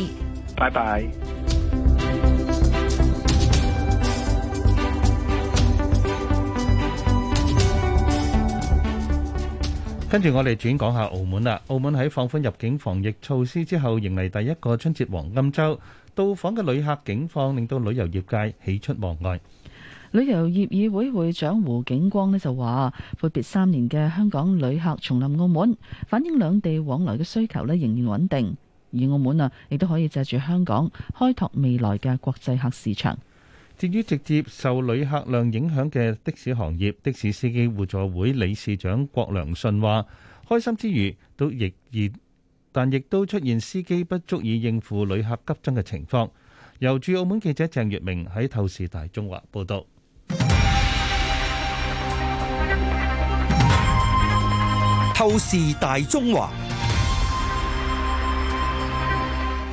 拜拜。跟住我哋轉講下澳門啦。澳門喺放寬入境防疫措施之後，迎嚟第一個春節黃金週，到訪嘅旅客景況令到旅遊業界喜出望外。旅遊業議會會長胡景光咧就話，闊別三年嘅香港旅客重臨澳門，反映兩地往來嘅需求咧仍然穩定，而澳門啊亦都可以借住香港開拓未來嘅國際客市場。至於直接受旅客量影響嘅的，的士行業，的士司機互助會理事長郭良信話，開心之餘都亦然，但亦都出現司機不足以應付旅客急增嘅情況。由駐澳門記者鄭月明喺《透視大中華報導》報道，《透視大中華》。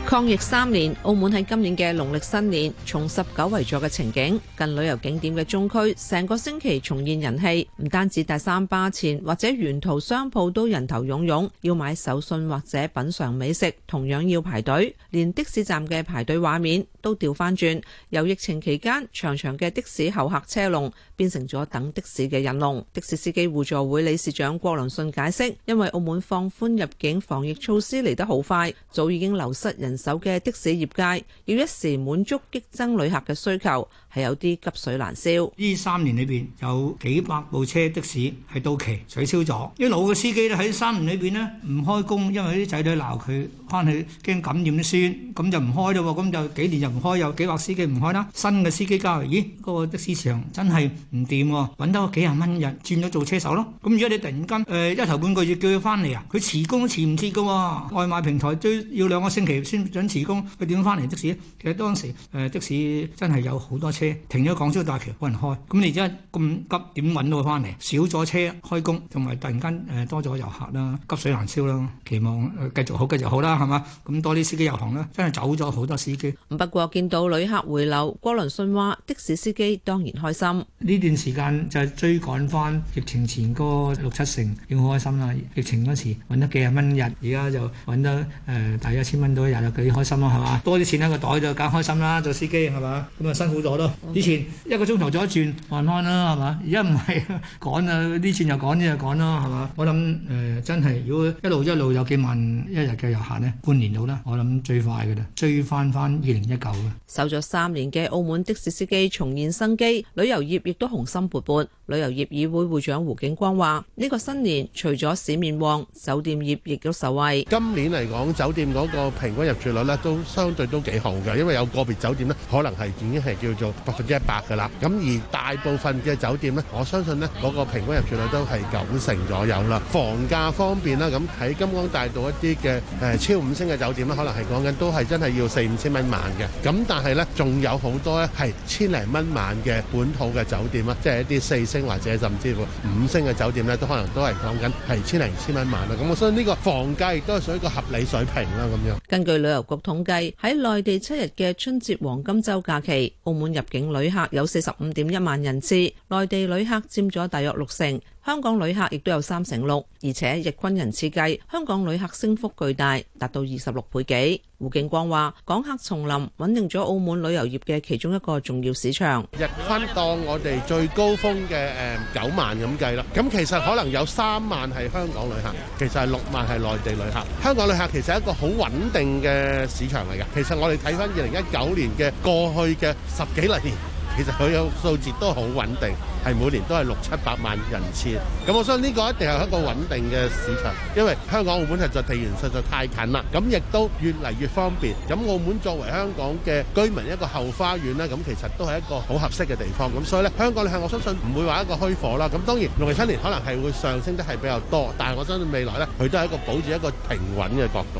抗疫三年，澳門喺今年嘅農曆新年重拾久違咗嘅情景。近旅遊景點嘅中區成個星期重現人氣唔單止，大三巴前或者沿途商鋪都人頭涌涌，要買手信或者品嘗美食，同樣要排隊，連的士站嘅排隊畫面都調翻轉，由疫情期間長長嘅的,的士候客車龍變成咗等的士嘅人龍。的士司機互助會理事長郭良信解釋，因為澳門放寬入境防疫措施嚟得好快，早已經流失人。人手嘅的，的士業界要一時滿足激增旅客嘅需求。係有啲急水難消。呢三年裏邊有幾百部車的士係到期取消咗。啲老嘅司機咧喺三年裏邊咧唔開工，因為啲仔女鬧佢翻去，驚感染啲孫，咁就唔開啫喎。咁就幾年就唔開，有幾百司機唔開啦。新嘅司機加入，咦，個的士場真係唔掂喎，揾得幾廿蚊日，轉咗做車手咯。咁如果你突然間誒一頭半個月叫佢翻嚟啊，佢辭工都辭唔切㗎喎。外賣平台都要兩個星期先準辭工，佢點翻嚟的士？其實當時誒的士真係有好多車。停咗港珠澳大橋，冇人開。咁你而家咁急，點揾到佢翻嚟？少咗車開工，同埋突然間誒多咗遊客啦，急水難消啦。期望誒繼續好，繼續好啦，係嘛？咁多啲司機入行啦，真係走咗好多司機。不過見到旅客回流，郭倫信話的士司機當然開心。呢段時間就係追趕翻疫情前嗰六七成，要開心啦。疫情嗰時揾得幾廿蚊日，而家就揾得誒大約一千蚊到一日，就幾開心啦，係嘛？多啲錢喺個袋就梗開心啦，做司機係嘛？咁啊辛苦咗都～Okay. 以前一個鐘頭左右一轉，慢慢啦，係嘛？而家唔係，趕啊！呢轉又趕，呢又趕啦，係嘛？我諗誒、呃，真係如果一路一路有幾萬一日嘅遊客呢，半年度啦，我諗最快嘅啦，追翻翻二零一九嘅。守咗三年嘅澳門的士司機重現生機，旅遊業亦都雄心勃勃。旅遊業議會會，會長胡景光話，呢、呢個新年除咗市面旺，酒店業亦都受惠。今年嚟講，酒店嗰個平均入住率呢，都相對都幾好嘅，因為有個別酒店呢，可能係已經係叫做，百分之一百嘅啦，咁而大部分嘅酒店呢，我相信呢嗰個平均入住率都係九成左右啦。房價方面啦，咁喺金港大道一啲嘅超五星嘅酒店呢，可能係講緊都係真係要四五千蚊晚嘅。咁但係呢，仲有好多呢，係千零蚊晚嘅本土嘅酒店啦，即係一啲四星或者甚至乎五星嘅酒店呢，都可能都係講緊係千零千蚊晚啦。咁我相信呢個房價亦都係屬於一個合理水平啦。咁樣，根據旅遊局統計，喺內地七日嘅春節黃金周假期，澳門入。入境旅客有四十五點一萬人次，內地旅客佔咗大約六成。香港旅客亦都有三成六，而且日均人次計，香港旅客升幅巨大，達到二十六倍幾。胡景光話：港客重臨穩定咗澳門旅遊業嘅其中一個重要市場。日均當我哋最高峰嘅誒九萬咁計啦，咁其實可能有三萬係香港旅客，其實係六萬係內地旅客。香港旅客其實係一個好穩定嘅市場嚟㗎。其實我哋睇翻二零一九年嘅過去嘅十幾年。其實佢個數字都好穩定，係每年都係六七百萬人次。咁我相信呢個一定係一個穩定嘅市場，因為香港、澳門係在地緣實在太近啦，咁亦都越嚟越方便。咁澳門作為香港嘅居民一個後花園呢，咁其實都係一個好合適嘅地方。咁所以呢，香港你係我相信唔會話一個虛火啦。咁當然六年七年可能係會上升得係比較多，但係我相信未來呢，佢都係一個保持一個平穩嘅角度。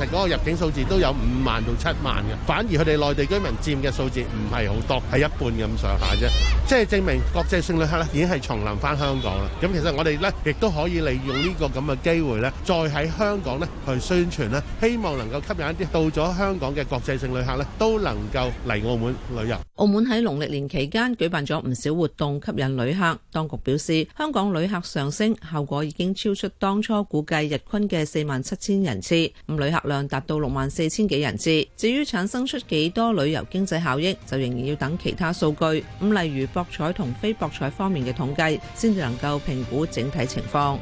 其實嗰個入境數字都有五萬到七萬嘅，反而佢哋內地居民佔嘅數字唔係好多，係一半咁上下啫。即係證明國際性旅客已經係重臨翻香港啦。咁其實我哋呢亦都可以利用呢個咁嘅機會呢，再喺香港呢去宣傳呢，希望能夠吸引一啲到咗香港嘅國際性旅客呢，都能夠嚟澳門旅遊。澳門喺農曆年期間舉辦咗唔少活動吸引旅客，當局表示香港旅客上升，效果已經超出當初估計日均嘅四萬七千人次咁旅客量達到六萬四千幾人次，至於產生出幾多旅游經濟效益，就仍然要等其他數據，咁例如博彩同非博彩方面嘅統計，先至能夠評估整體情況。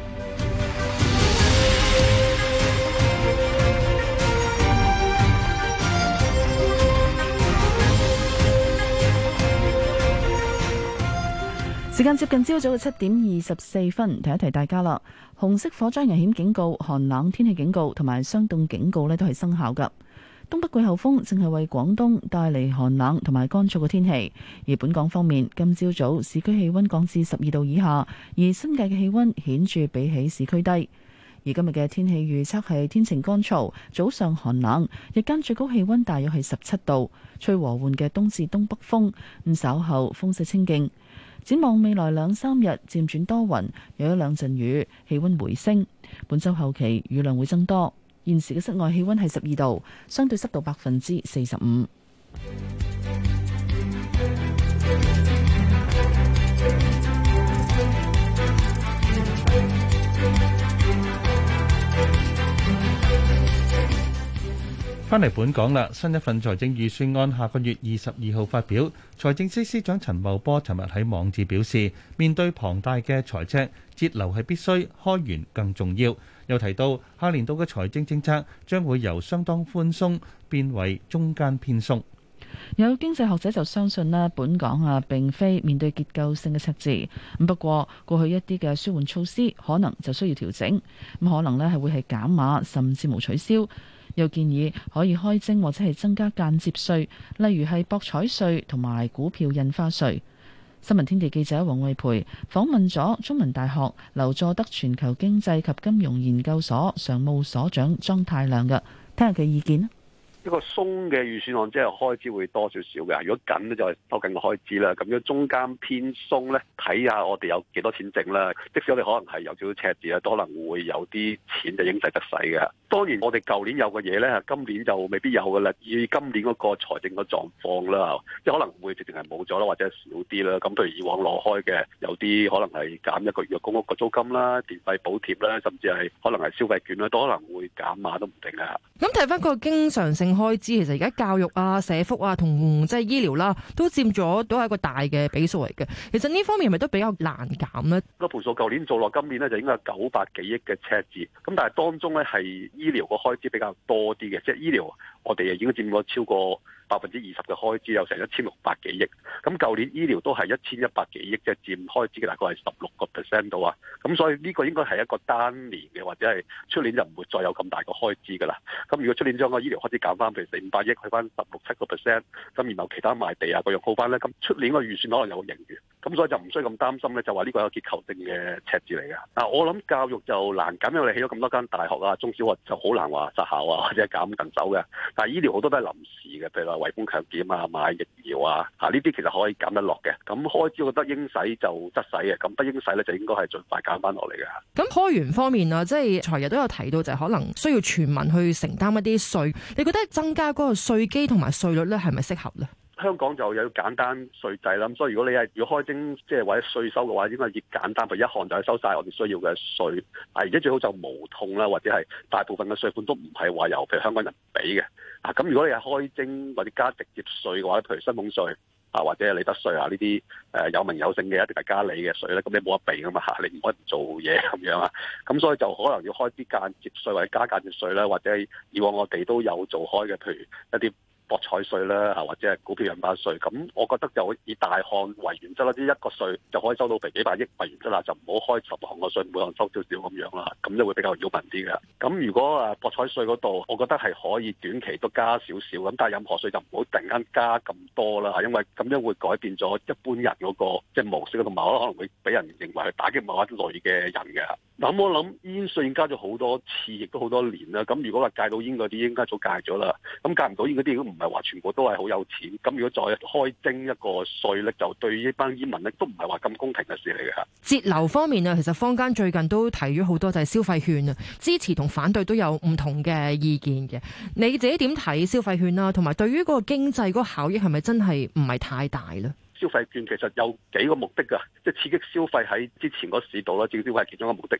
時間接近朝早嘅七點二十四分，提一提大家啦。紅色火災危險警告、寒冷天氣警告同埋霜凍警告咧，都係生效噶。東北季候風正係為廣東帶嚟寒冷同埋乾燥嘅天氣。而本港方面，今朝早市區氣溫降至十二度以下，而新界嘅氣溫顯著比起市區低。而今日嘅天氣預測係天晴乾燥，早上寒冷，日間最高氣溫大約係十七度，吹和緩嘅東至東北風。咁稍後風勢清勁。展望未來兩三日，漸轉多雲，有一兩陣雨，氣温回升。本週後期雨量會增多。現時嘅室外氣温係十二度，相對濕度百分之四十五。翻嚟本港啦，新一份財政預算案下個月二十二號發表。財政司司長陳茂波尋日喺網誌表示，面對龐大嘅財赤，節流係必須，開源更重要。又提到下年度嘅財政政策將會由相當寬鬆變為中間偏鬆。有經濟學者就相信呢，本港啊，並非面對結構性嘅赤字。咁，不過過去一啲嘅舒緩措施可能就需要調整。咁，可能呢係會係減碼甚至無取消。又建議可以開徵或者係增加間接稅，例如係博彩稅同埋股票印花稅。新聞天地記，記者黃慧培訪問咗中文大學劉佐德全球經濟及金融研究所常務所長莊太量嘅，聽下佢意見。呢個鬆嘅預算案即係開支會多少少嘅，如果緊呢就係收緊個開支啦。咁樣中間偏鬆呢，睇下我哋有幾多少錢剩啦。即使我哋可能係有少少赤字咧，都可能會有啲錢就應使得使嘅。當然，我哋舊年有嘅嘢咧，今年就未必有噶啦，以今年嗰個財政嘅狀況啦，即係可能會直情係冇咗啦，或者少啲啦。咁譬如以往攞開嘅，有啲可能係減一個月嘅公屋嘅租金啦、電費補貼啦，甚至係可能係消費券啦，都可能會減下都唔定嘅。咁睇翻個經常性開支，其實而家教育啊、社福啊同即係醫療啦、啊，都佔咗都係一個大嘅比數嚟嘅。其實呢方面係咪都比較難減咧？個盤數舊年做落，今年咧就應該係九百幾億嘅赤字。咁但係當中咧係。醫療個開支比較多啲嘅，即係醫療我哋啊已經佔咗超過。百分之二十嘅開支有成一千六百幾億，咁舊年醫療都係一千一百幾億，即係佔開支嘅大概係十六個 percent 到啊。咁所以呢個應該係一個單年嘅，或者係出年就唔會再有咁大個開支㗎啦。咁如果出年將個醫療開支減翻，譬如四五百億去翻十六七個 percent，咁然後其他賣地啊各樣補翻咧，咁出年個預算可能有盈餘。咁所以就唔需要咁擔心咧，就話呢個有結構性嘅赤字嚟嘅。嗱，我諗教育就難減，因為起咗咁多間大學啊、中小學就好難話摘校啊或者減人手嘅。但係醫療好多都係臨時嘅，譬如話。圍攻強點啊，買疫苗啊，吓呢啲其實可以減得落嘅。咁開支我覺得應使就則使嘅，咁不應使咧就應該係盡快減翻落嚟噶。咁開源方面啊，即係財爺都有提到就係可能需要全民去承擔一啲稅，你覺得增加嗰個稅基同埋稅率咧係咪適合咧？香港就有簡單稅制啦，所以如果你係要開徵，即係或者稅收嘅話，應該越簡單，咪一項就收晒我哋需要嘅稅。啊，而家最好就無痛啦，或者係大部分嘅稅款都唔係話由譬如香港人俾嘅。啊，咁如果你係開徵或者加直接稅嘅話，譬如薪俸稅啊，或者利得稅啊呢啲，誒有名有姓嘅一定係加你嘅稅咧。咁你冇得避噶嘛吓，你唔可以唔做嘢咁樣啊。咁所以就可能要開啲間接稅或者加間接稅啦，或者以往我哋都有做開嘅，譬如一啲。博彩稅啦，或者係股票印花稅，咁我覺得就以大項為原則啦，即一個稅就可以收到成幾百億為原則啦，就唔好開十行個稅，每行收少少咁樣啦，咁就會比較擾民啲嘅。咁如果啊博彩稅嗰度，我覺得係可以短期都加少少，咁但係任何稅就唔好突然間加咁多啦，因為咁樣會改變咗一般人嗰個即係模式，同埋可能會俾人認為係打擊某一類嘅人嘅。諗我諗煙稅已經加咗好多次，亦都好多年啦。咁如果話戒到煙嗰啲，應該早戒咗啦。咁戒唔到煙嗰啲，唔唔係話全部都係好有錢，咁如果再開徵一個稅呢，就對呢班煙民呢都唔係話咁公平嘅事嚟嘅。節流方面啊，其實坊間最近都提咗好多，就係消費券啊，支持同反對都有唔同嘅意見嘅。你自己點睇消費券啦？同埋對於嗰個經濟個效益係咪真係唔係太大呢？消費券其實有幾個目的㗎，即係刺激消費喺之前嗰市度啦，刺激消費係其中一個目的。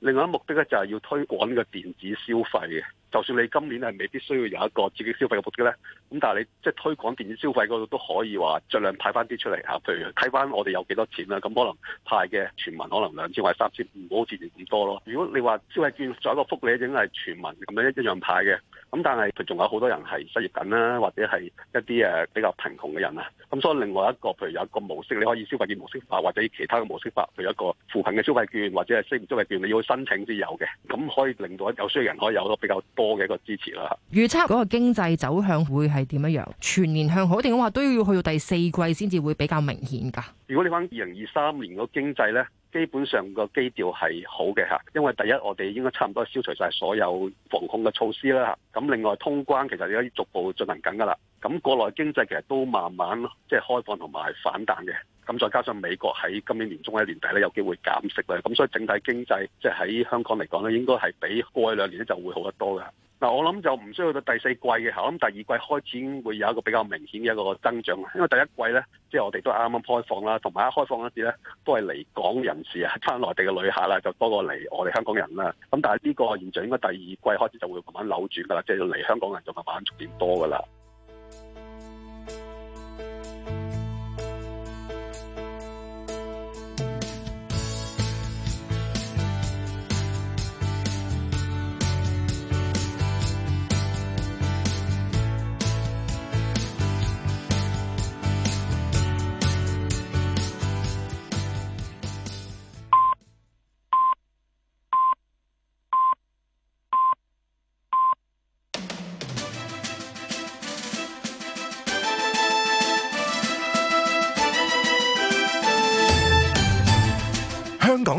另外一個目的咧就係要推廣呢個電子消費嘅，就算你今年係未必需要有一個刺激消費嘅目的咧，咁但係你即係推廣電子消費嗰度都可以話盡量派翻啲出嚟嚇，譬如睇翻我哋有幾多錢啦，咁可能派嘅全民可能兩千或者三千，唔好好似以前咁多咯。如果你話消費券再一個福利應該係全民，咁樣一一樣派嘅。咁但係佢仲有好多人係失業緊啦，或者係一啲誒比較貧窮嘅人啊。咁所以另外一個譬如有一個模式，你可以消費券模式化，或者其他嘅模式化，譬如一個扶貧嘅消費券，或者係升唔升嘅券，你要申請先有嘅。咁可以令到有需要人可以有咗比較多嘅一個支持啦。預測嗰個經濟走向會係點樣？全年向好定嘅話都要去到第四季先至會比較明顯㗎？如果你講二零二三年個經濟咧？基本上個基調係好嘅吓，因為第一，我哋應該差唔多消除晒所有防控嘅措施啦吓。咁另外，通關其實已經逐步進行緊噶啦，咁國內經濟其實都慢慢即係、就是、開放同埋反彈嘅。咁再加上美國喺今年年中一年底咧有機會減息啦，咁所以整體經濟即係喺香港嚟講咧，應該係比過去兩年咧就會好得多噶。嗱，我諗就唔需要到第四季嘅，我諗第二季開始會有一個比較明顯嘅一個增長啊。因為第一季咧，即係我哋都啱啱開放啦，同埋一開放嗰時咧，都係嚟港人士啊，返內地嘅旅客啦，就多過嚟我哋香港人啦。咁但係呢個現象應該第二季開始就會慢慢扭轉噶啦，即係要嚟香港人就慢慢逐漸多噶啦。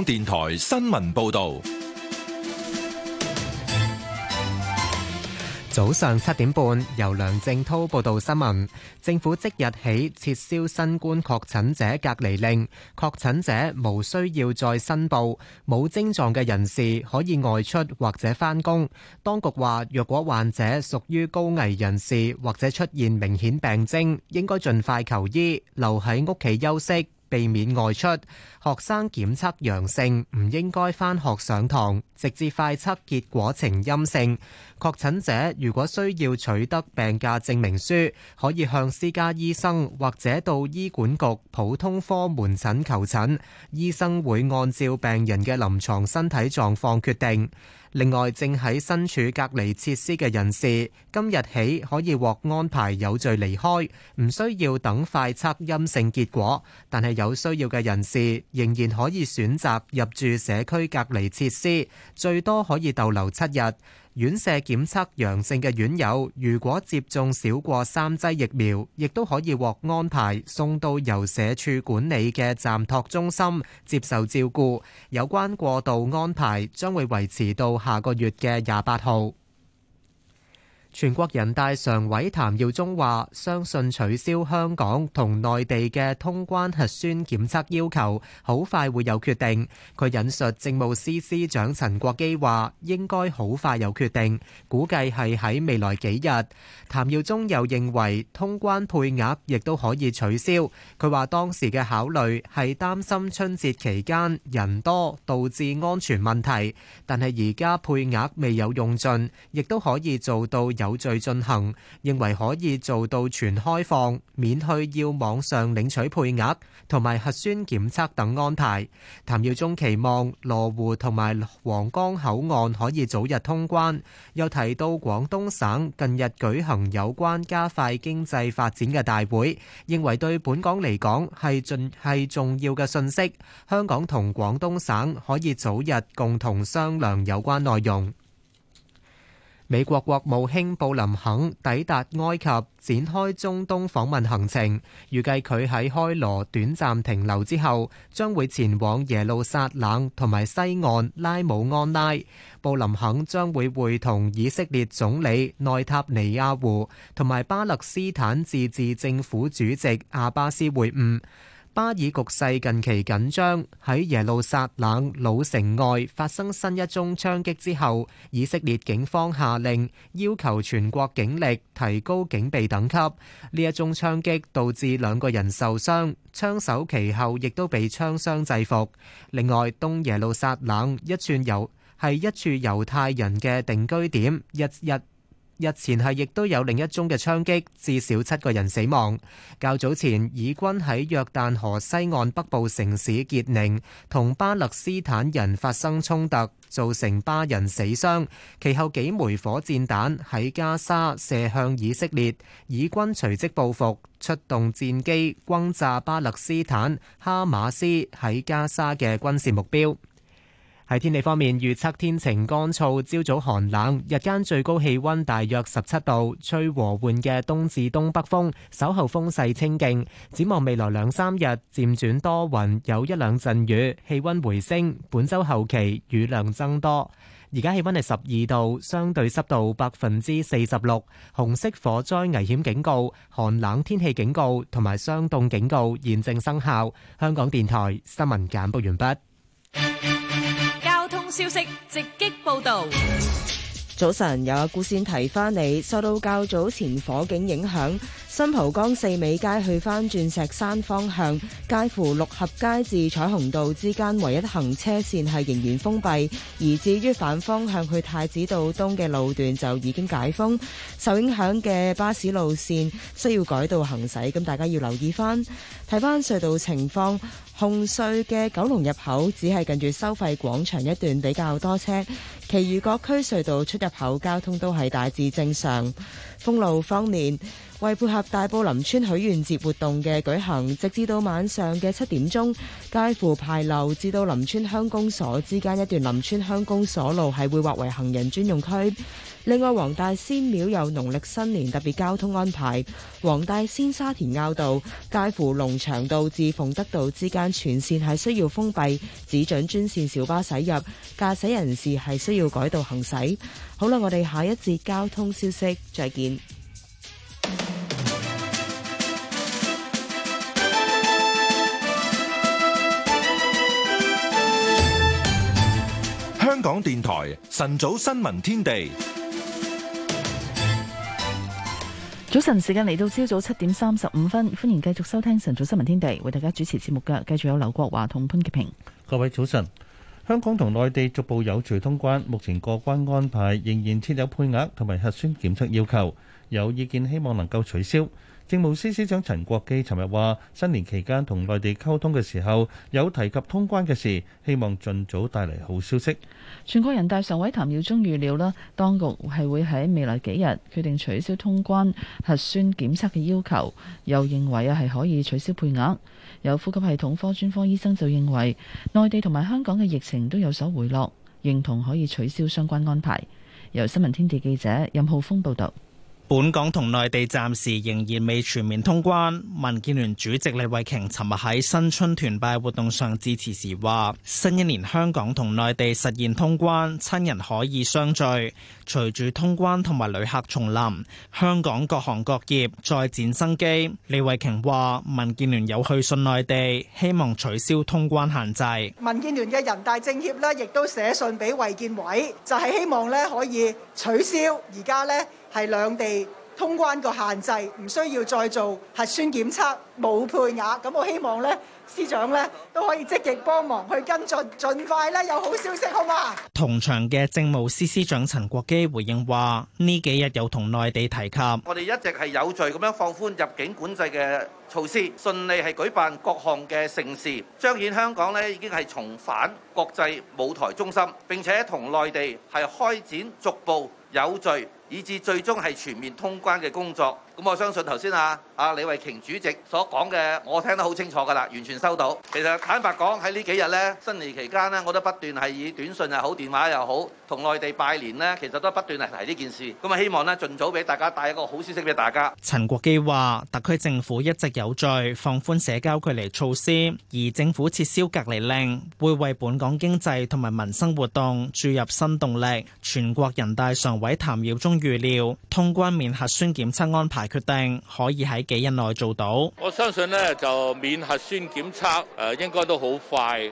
電台新聞報道：早上七點半，由梁正滔報道新聞。政府即日起撤銷新冠確診者隔離令，確診者無需要再申報。冇症狀嘅人士可以外出或者返工。當局話，若果患者屬於高危人士或者出現明顯病徵，應該盡快求醫，留喺屋企休息。避免外出。學生檢測陽性，唔應該返學上堂，直至快測結果呈陰性。確診者如果需要取得病假證明書，可以向私家醫生或者到醫管局普通科門診求診，醫生會按照病人嘅臨床身體狀況決定。另外，正喺身處隔離設施嘅人士，今日起可以獲安排有序離開，唔需要等快測陰性結果。但係有需要嘅人士，仍然可以選擇入住社區隔離設施，最多可以逗留七日。院舍檢測陽性嘅院友，如果接種少過三劑疫苗，亦都可以獲安排送到由社署管理嘅暫托中心接受照顧。有關過渡安排將會維持到下個月嘅廿八號。全國人大常委譚耀宗話：相信取消香港同內地嘅通關核酸檢測要求，好快會有決定。佢引述政務司司長陳國基話：應該好快有決定，估計係喺未來幾日。譚耀宗又認為通關配額亦都可以取消。佢話當時嘅考慮係擔心春節期間人多導致安全問題，但係而家配額未有用盡，亦都可以做到。有序進行，認為可以做到全開放，免去要網上領取配額同埋核酸檢測等安排。譚耀宗期望羅湖同埋皇崗口岸可以早日通關。又提到廣東省近日舉行有關加快經濟發展嘅大會，認為對本港嚟講係盡係重要嘅信息。香港同廣東省可以早日共同商量有關內容。美國國務卿布林肯抵達埃及展開中東訪問行程，預計佢喺開羅短暫停留之後，將會前往耶路撒冷同埋西岸拉姆安拉。布林肯將會會同以色列總理內塔尼亞胡同埋巴勒斯坦自治政府主席阿巴斯會晤。巴以局勢近期緊張，喺耶路撒冷老城外發生新一宗槍擊之後，以色列警方下令要求全國警力提高警備等級。呢一宗槍擊導致兩個人受傷，槍手其後亦都被槍傷制服。另外，東耶路撒冷一處猶係一處猶太人嘅定居點，一一。日前係亦都有另一宗嘅槍擊，至少七個人死亡。較早前，以軍喺約旦河西岸北部城市傑寧同巴勒斯坦人發生衝突，造成巴人死傷。其後幾枚火箭彈喺加沙射向以色列，以軍隨即報復，出動戰機轟炸巴勒斯坦哈馬斯喺加沙嘅軍事目標。喺天氣方面，預測天晴乾燥，朝早寒冷，日間最高氣溫大約十七度，吹和緩嘅東至東北風，稍後風勢清勁。展望未來兩三日漸轉多雲，有一兩陣雨，氣溫回升。本周後期雨量增多。而家氣溫係十二度，相對濕度百分之四十六。紅色火災危險警告、寒冷天氣警告同埋霜凍警告現正生效。香港電台新聞簡報完畢。消息直擊報導。早晨，有阿姑先提翻你，受到較早前火警影響，新蒲崗四美街去返鑽石山方向，介乎六合街至彩虹道之間唯一行車線係仍然封閉。而至於反方向去太子道東嘅路段就已經解封，受影響嘅巴士路線需要改道行駛，咁大家要留意翻，睇翻隧道情況，紅隧嘅九龍入口只係近住收費廣場一段比較多車。其餘各區隧道出入口交通都係大致正常。封路方面，為配合大埔林村許願節活動嘅舉行，直至到晚上嘅七點鐘，介乎牌樓至到林村鄉公所之間一段林村鄉公所路係會劃為行人專用區。另外，黃大仙廟有農曆新年特別交通安排，黃大仙沙田坳道介乎龍翔道至鳳德道之間全線係需要封閉，只准專線小巴駛入，駕駛人士係需要改道行駛。好啦，我哋下一節交通消息再見。香港電台晨早新聞天地。早晨，時間嚟到朝早七點三十五分，歡迎繼續收聽晨早新聞天地，為大家主持節目嘅繼續有劉國華同潘潔平。各位早晨，香港同內地逐步有序通關，目前過關安排仍然設有配額同埋核酸檢測要求，有意見希望能夠取消。政務司司長陳國基尋日話：新年期間同內地溝通嘅時候，有提及通關嘅事，希望盡早帶嚟好消息。全國人大常委譚耀宗預料啦，當局係會喺未來幾日決定取消通關核酸檢測嘅要求，又認為啊係可以取消配額。有呼吸系統科專科醫生就認為，內地同埋香港嘅疫情都有所回落，認同可以取消相關安排。由新聞天地記者任浩峰報道。本港同內地暫時仍然未全面通關。民建聯主席李慧瓊尋日喺新春團拜活動上致辭時話：新一年香港同內地實現通關，親人可以相聚。隨住通關同埋旅客重臨，香港各行各業再展生機。李慧瓊話：民建聯有去信內地，希望取消通關限制。民建聯嘅人大政協呢，亦都寫信俾衞健委，就係希望呢可以取消而家呢。係兩地通關個限制，唔需要再做核酸檢測，冇配額咁。我希望咧，司長咧都可以積極幫忙去跟進，盡快咧有好消息，好嘛？同場嘅政務司司長陳國基回應話，呢幾日又同內地提及，我哋一直係有序咁樣放寬入境管制嘅措施，順利係舉辦各項嘅盛事，彰顯香港咧已經係重返國際舞台中心。並且同內地係開展逐步有序。以致最終係全面通關嘅工作。咁我相信頭先啊啊李慧瓊主席所講嘅，我聽得好清楚㗎啦，完全收到。其實坦白講，喺呢幾日咧，新年期間咧，我都不斷係，以短信又好，電話又好，同內地拜年咧，其實都不斷係提呢件事。咁啊，希望咧盡早俾大家帶一個好消息俾大家。陳國基話特區政府一直有序放寬社交距離措施，而政府撤銷隔離令，會為本港經濟同埋民生活動注入新動力。全國人大常委譚耀宗預料，通關免核酸檢測安排。決定可以喺幾日內做到，我相信咧就免核酸檢測誒，應該都好快誒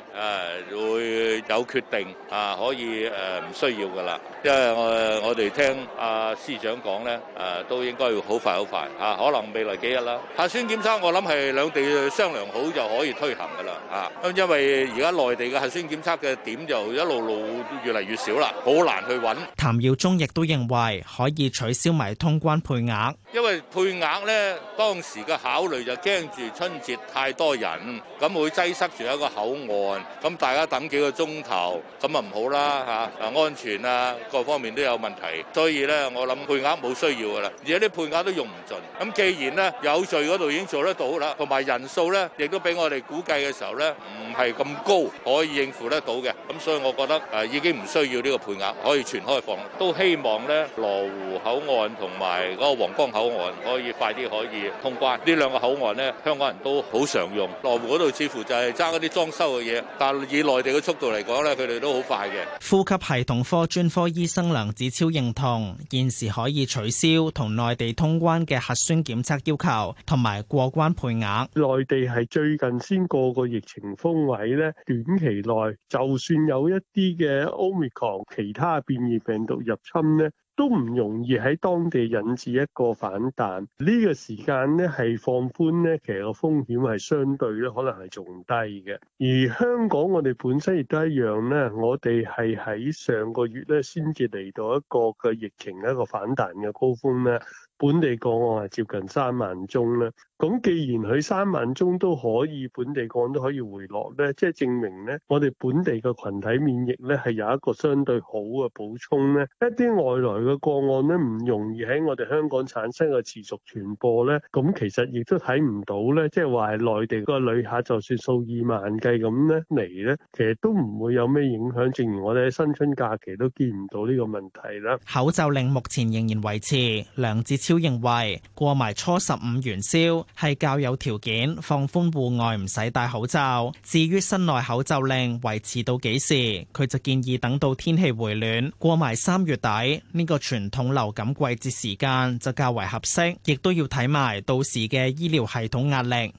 會有決定啊，可以誒唔需要噶啦，因為我我哋聽阿司長講咧誒都應該要好快好快啊，可能未來幾日啦。核酸檢測我諗係兩地商量好就可以推行噶啦啊，咁因為而家內地嘅核酸檢測嘅點就一路路越嚟越少啦，好難去揾。譚耀宗亦都認為可以取消埋通關配額。因為配額咧，當時嘅考慮就驚住春節太多人，咁會擠塞住一個口岸，咁大家等幾個鐘頭，咁啊唔好啦吓，啊安全啊各方面都有問題，所以咧我諗配額冇需要噶啦，而家啲配額都用唔盡。咁既然咧有序嗰度已經做得到啦，同埋人數咧亦都俾我哋估計嘅時候咧唔係咁高，可以應付得到嘅，咁所以我覺得誒、啊、已經唔需要呢個配額，可以全開放。都希望咧羅湖口岸同埋嗰個皇崗口。口岸可以快啲可以通關呢兩個口岸咧，香港人都好常用。羅湖嗰度似乎就係爭一啲裝修嘅嘢，但以內地嘅速度嚟講咧，佢哋都好快嘅。呼吸系統科專科醫生梁子超認同，現時可以取消同內地通關嘅核酸檢測要求同埋過關配額，內地係最近先過個疫情峯位咧，短期內就算有一啲嘅奧密克戎其他變異病毒入侵咧，都唔容易喺當地引致一個反彈，呢個時間咧係放寬咧，其實個風險係相對咧可能係仲低嘅。而香港我哋本身亦都一樣咧，我哋係喺上個月咧先至嚟到一個嘅疫情一個反彈嘅高峰咧，本地個案係接近三萬宗咧。咁既然佢三萬宗都可以本地個案都可以回落咧，即係證明咧，我哋本地嘅群體免疫咧係有一個相對好嘅補充咧。一啲外來嘅個案咧唔容易喺我哋香港產生嘅持續傳播咧，咁其實亦都睇唔到咧，即係話係內地個旅客就算數二萬計數以萬計咁咧嚟咧，其實都唔會有咩影響。正如我哋喺新春假期都見唔到呢個問題啦。口罩令目前仍然維持，梁志超認為過埋初十五元宵。係較有條件放寬戶外唔使戴口罩。至於室內口罩令維持到幾時，佢就建議等到天氣回暖過埋三月底呢個傳統流感季節時間就較為合適，亦都要睇埋到時嘅醫療系統壓力。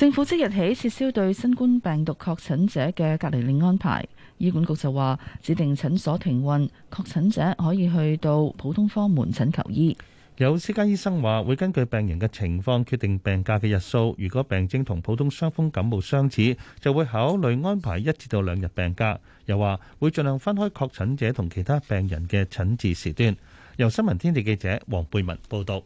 政府即日起撤銷對新冠病毒確診者嘅隔離令安排，醫管局就話指定診所停運，確診者可以去到普通科門診求醫。有私家醫生話會根據病人嘅情況決定病假嘅日數，如果病症同普通傷風感冒相似，就會考慮安排一至到兩日病假。又話會盡量分開確診者同其他病人嘅診治時段。由新聞天地記者黃貝文報道。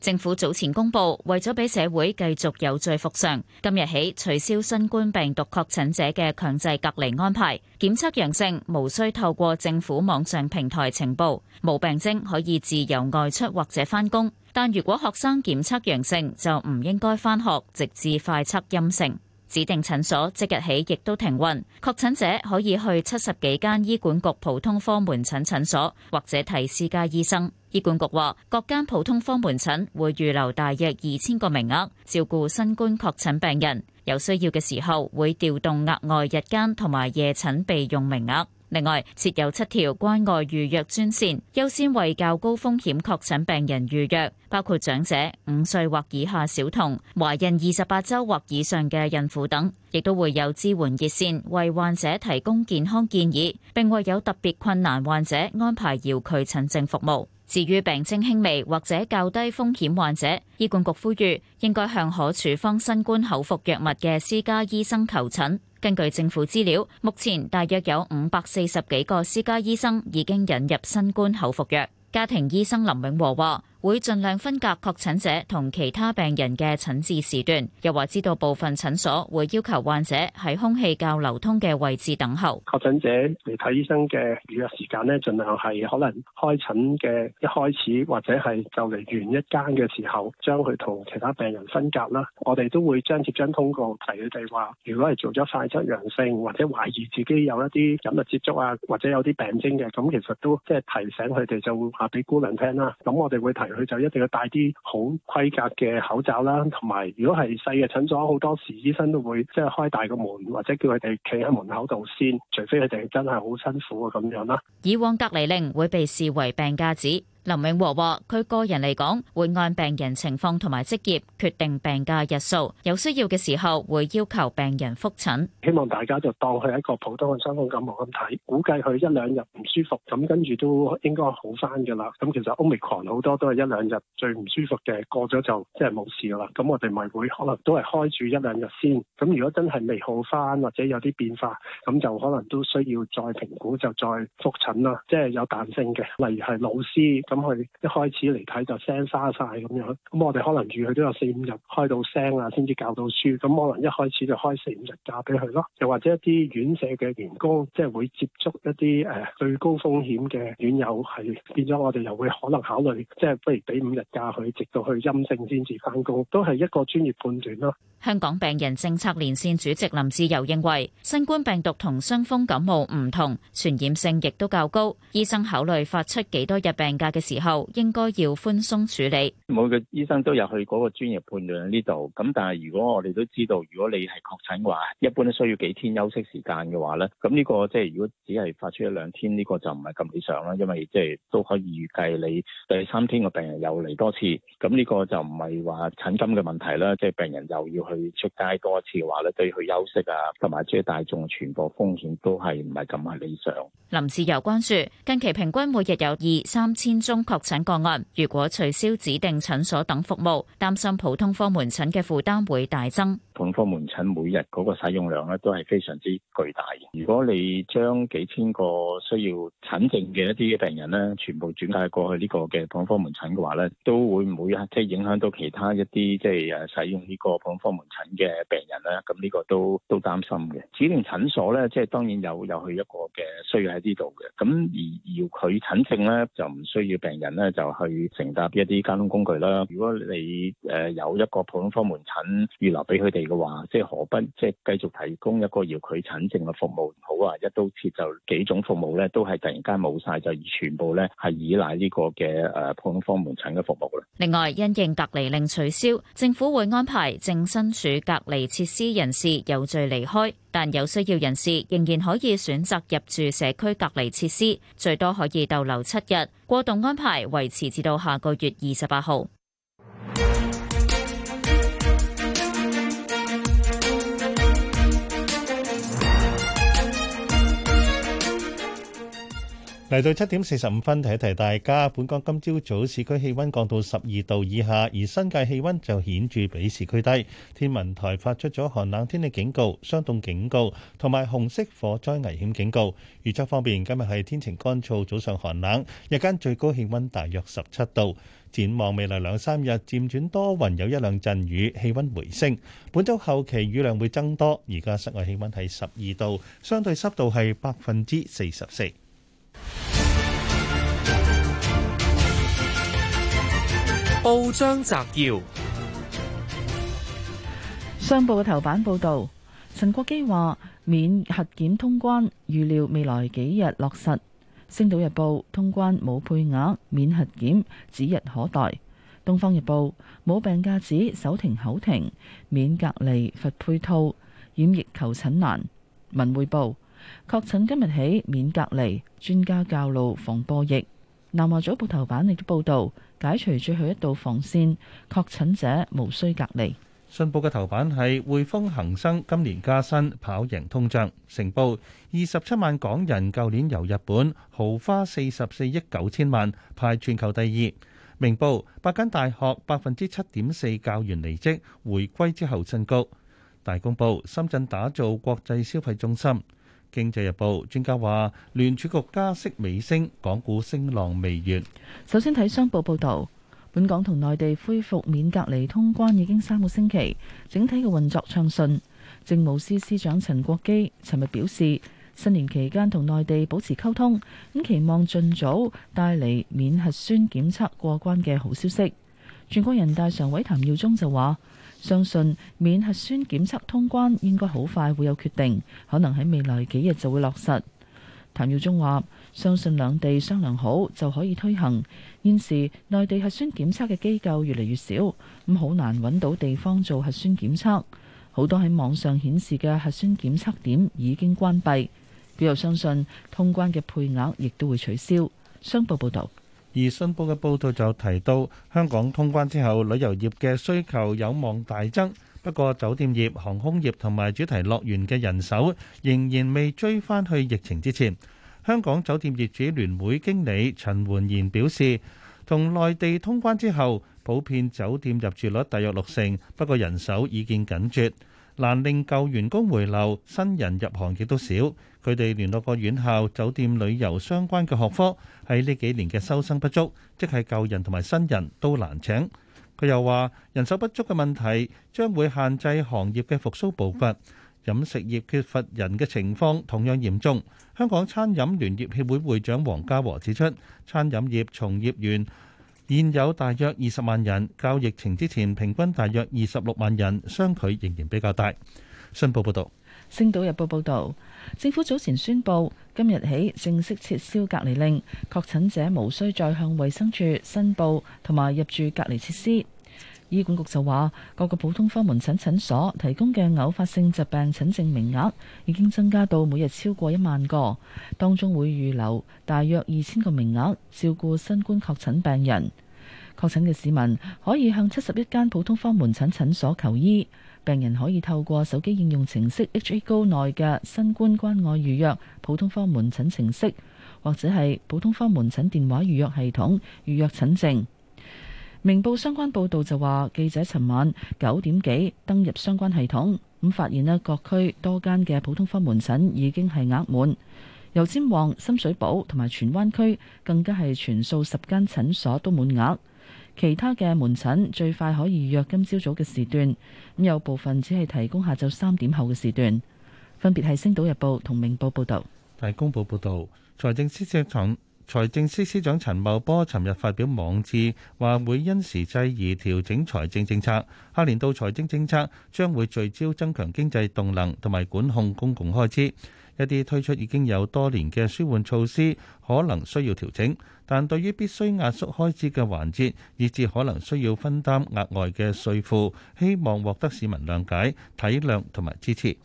政府早前公布，為咗俾社會繼續有序復常，今日起取消新冠病毒確診者嘅強制隔離安排，檢測陽性無需透過政府網上平台呈報，無病徵可以自由外出或者返工。但如果學生檢測陽性，就唔應該返學，直至快測陰性。指定診所即日起亦都停運，確診者可以去七十幾間醫管局普通科門診診所，或者睇私家醫生。醫管局話，各間普通科門診會預留大約二千個名額照顧新冠確診病人，有需要嘅時候會調動額外日間同埋夜診備用名額。另外設有七條關愛預約專線，優先為較高風險確診病人預約，包括長者、五歲或以下小童、懷孕二十八周或以上嘅孕婦等。亦都會有支援熱線為患者提供健康建議，並為有特別困難患者安排遙距診症服務。至於病症輕微或者較低風險患者，醫管局呼籲應該向可處方新冠口服藥物嘅私家醫生求診。根據政府資料，目前大約有五百四十幾個私家醫生已經引入新冠口服藥。家庭醫生林永和話。會盡量分隔確診者同其他病人嘅診治時段。又話知道部分診所會要求患者喺空氣較流通嘅位置等候。確診者嚟睇醫生嘅預約時間呢，盡量係可能開診嘅一開始，或者係就嚟完一間嘅時候，將佢同其他病人分隔啦。我哋都會將貼張通告提佢哋話，如果係做咗快測陽性，或者懷疑自己有一啲緊密接觸啊，或者有啲病徵嘅，咁其實都即係、就是、提醒佢哋，就會話俾姑娘聽啦。咁我哋會提。佢就一定要戴啲好規格嘅口罩啦，同埋如果係細嘅診所，好多時醫生都會即係開大個門，或者叫佢哋企喺門口度先，除非佢哋真係好辛苦啊咁樣啦。以往隔離令會被視為病假紙。林永和話：佢個人嚟講，會按病人情況同埋職業決定病假日數。有需要嘅時候，會要求病人復診。希望大家就當佢一個普通嘅傷風感冒咁睇，估計佢一兩日唔舒服，咁跟住都應該好翻㗎啦。咁其實 Omicron 好多都係一兩日最唔舒服嘅，過咗就即係冇事㗎啦。咁我哋咪會可能都係開住一兩日先。咁如果真係未好翻，或者有啲變化，咁就可能都需要再評估，就再復診啦。即係有彈性嘅，例如係老師。咁佢一開始嚟睇就聲沙晒咁樣，咁我哋可能預佢都有四五日開到聲啊，先至教到書。咁可能一開始就開四五日假俾佢咯。又或者一啲院舍嘅員工，即係會接觸一啲誒最高風險嘅院友，係變咗我哋又會可能考慮，即係不如俾五日假佢，直到佢陰性先至返工，都係一個專業判斷咯。香港病人政策連線主席林志柔認為，新冠病毒同傷風感冒唔同，傳染性亦都較高，醫生考慮發出幾多日病假嘅時候應該要寬鬆處理。每個醫生都有佢嗰個專業判斷喺呢度。咁但係如果我哋都知道，如果你係確診嘅話，一般都需要幾天休息時間嘅話咧，咁呢個即係如果只係發出一兩天，呢個就唔係咁理想啦。因為即係都可以預計你第三天個病人又嚟多次，咁呢個就唔係話診金嘅問題啦。即係病人又要去出街多一次嘅話咧，對佢休息啊，同埋即係大眾傳播風險都係唔係咁係理想。林志有關注近期平均每日有二三千。3, 中確診個案，如果取消指定診所等服務，擔心普通科門診嘅負擔會大增。普通科門診每日嗰個使用量咧都係非常之巨大嘅。如果你將幾千個需要診症嘅一啲嘅病人咧，全部轉介過去呢個嘅普通科門診嘅話咧，都會唔會即係影響到其他一啲即係誒使用呢個普通科門診嘅病人咧。咁呢個都都擔心嘅。指定診所咧，即係當然有有佢一個嘅需要喺呢度嘅。咁而要佢診症咧就唔需要。病人咧就去乘搭一啲交通工具啦。如果你誒有一個普通科門診預留俾佢哋嘅話，即係何不即係繼續提供一個要佢診症嘅服務，好啊，一刀切就幾種服務咧都係突然間冇晒，就全部咧係依賴呢個嘅誒普通科門診嘅服務咧。另外，因應隔離令取消，政府會安排正身處隔離設施人士有序離開。但有需要人士仍然可以選擇入住社區隔離設施，最多可以逗留七日。過渡安排維持至到下個月二十八號。嚟到七點四十五分，提一提大家。本港今朝早市區氣温降到十二度以下，而新界氣温就顯著比市區低。天文台發出咗寒冷天氣警告、霜凍警告同埋紅色火災危險警告。預測方面，今日係天晴乾燥，早上寒冷，日間最高氣温大約十七度。展望未來兩三日，漸轉多雲，有一兩陣雨，氣温回升。本周後期雨量會增多。而家室外氣温係十二度，相對濕度係百分之四十四。報章摘要：商報嘅頭版報道，陳國基話免核檢通關，預料未來幾日落實。星島日報，通關冇配額，免核檢指日可待。東方日報冇病假紙，手停口停，免隔離乏配套，染疫求診難。文匯報。確診今日起免隔離，專家教路防波疫。南華早報頭版亦都報道，解除最後一道防線，確診者無需隔離。信報嘅頭版係匯豐恆生今年加薪跑贏通脹。成報二十七萬港人舊年遊日本，豪花四十四億九千萬，排全球第二。明報八間大學百分之七點四教員離職，回歸之後增高。大公報深圳打造國際消費中心。經濟日報專家話，聯儲局加息尾聲，港股升浪未完。首先睇商報報道，本港同內地恢復免隔離通關已經三個星期，整體嘅運作暢順。政務司司長陳國基尋日表示，新年期間同內地保持溝通，咁期望盡早帶嚟免核酸檢測過關嘅好消息。全國人大常委譚耀宗就話。相信免核酸檢測通關應該好快會有決定，可能喺未來幾日就會落實。譚耀宗話，相信兩地商量好就可以推行。現時內地核酸檢測嘅機構越嚟越少，咁好難揾到地方做核酸檢測，好多喺網上顯示嘅核酸檢測點已經關閉，佢又相信通關嘅配額亦都會取消。商報報道。而信報嘅報導就提到，香港通關之後，旅遊業嘅需求有望大增。不過，酒店業、航空業同埋主題樂園嘅人手仍然未追翻去疫情之前。香港酒店業主聯會經理陳桓然表示，同內地通關之後，普遍酒店入住率大約六成，不過人手已見緊絀。難令舊員工回流，新人入行亦都少。佢哋聯絡過院校、酒店、旅遊相關嘅學科，喺呢幾年嘅收生不足，即係舊人同埋新人都難請。佢又話，人手不足嘅問題將會限制行業嘅復甦步伐。飲食業缺乏人嘅情況同樣嚴重。香港餐飲聯業協會會長黃家和指出，餐飲業從業員現有大約二十萬人，較疫情之前平均大約二十六萬人，相距仍然比較大。信報報導，《星島日報》報道，政府早前宣布，今日起正式撤銷隔離令，確診者無需再向衛生署申報同埋入住隔離設施。醫管局就話，各個普通科門診診所提供嘅偶發性疾病診症名額已經增加到每日超過一萬個，當中會預留大約二千個名額照顧新冠確診病人。確診嘅市民可以向七十一間普通科門診診所求醫，病人可以透過手機應用程式 HA Go 內嘅新冠關愛預約普通科門診程式，或者係普通科門診電話預約系統預約診症。明報相關報道就話，記者尋晚九點幾登入相關系統，咁發現咧各區多間嘅普通科門診已經係額滿，油尖旺、深水埗同埋荃灣區更加係全數十間診所都滿額，其他嘅門診最快可以預約今朝早嘅時段，咁有部分只係提供下晝三點後嘅時段。分別係《星島日報》同《明報》報道，大公報報道，財政司石廠。財政司司長陳茂波尋日發表網誌，話會因時制宜調整財政政策。下年度財政政策將會聚焦增強經濟動能同埋管控公共開支。一啲推出已經有多年嘅舒緩措施，可能需要調整。但對於必須壓縮開支嘅環節，以至可能需要分擔額外嘅稅負，希望獲得市民諒解、體諒同埋支持。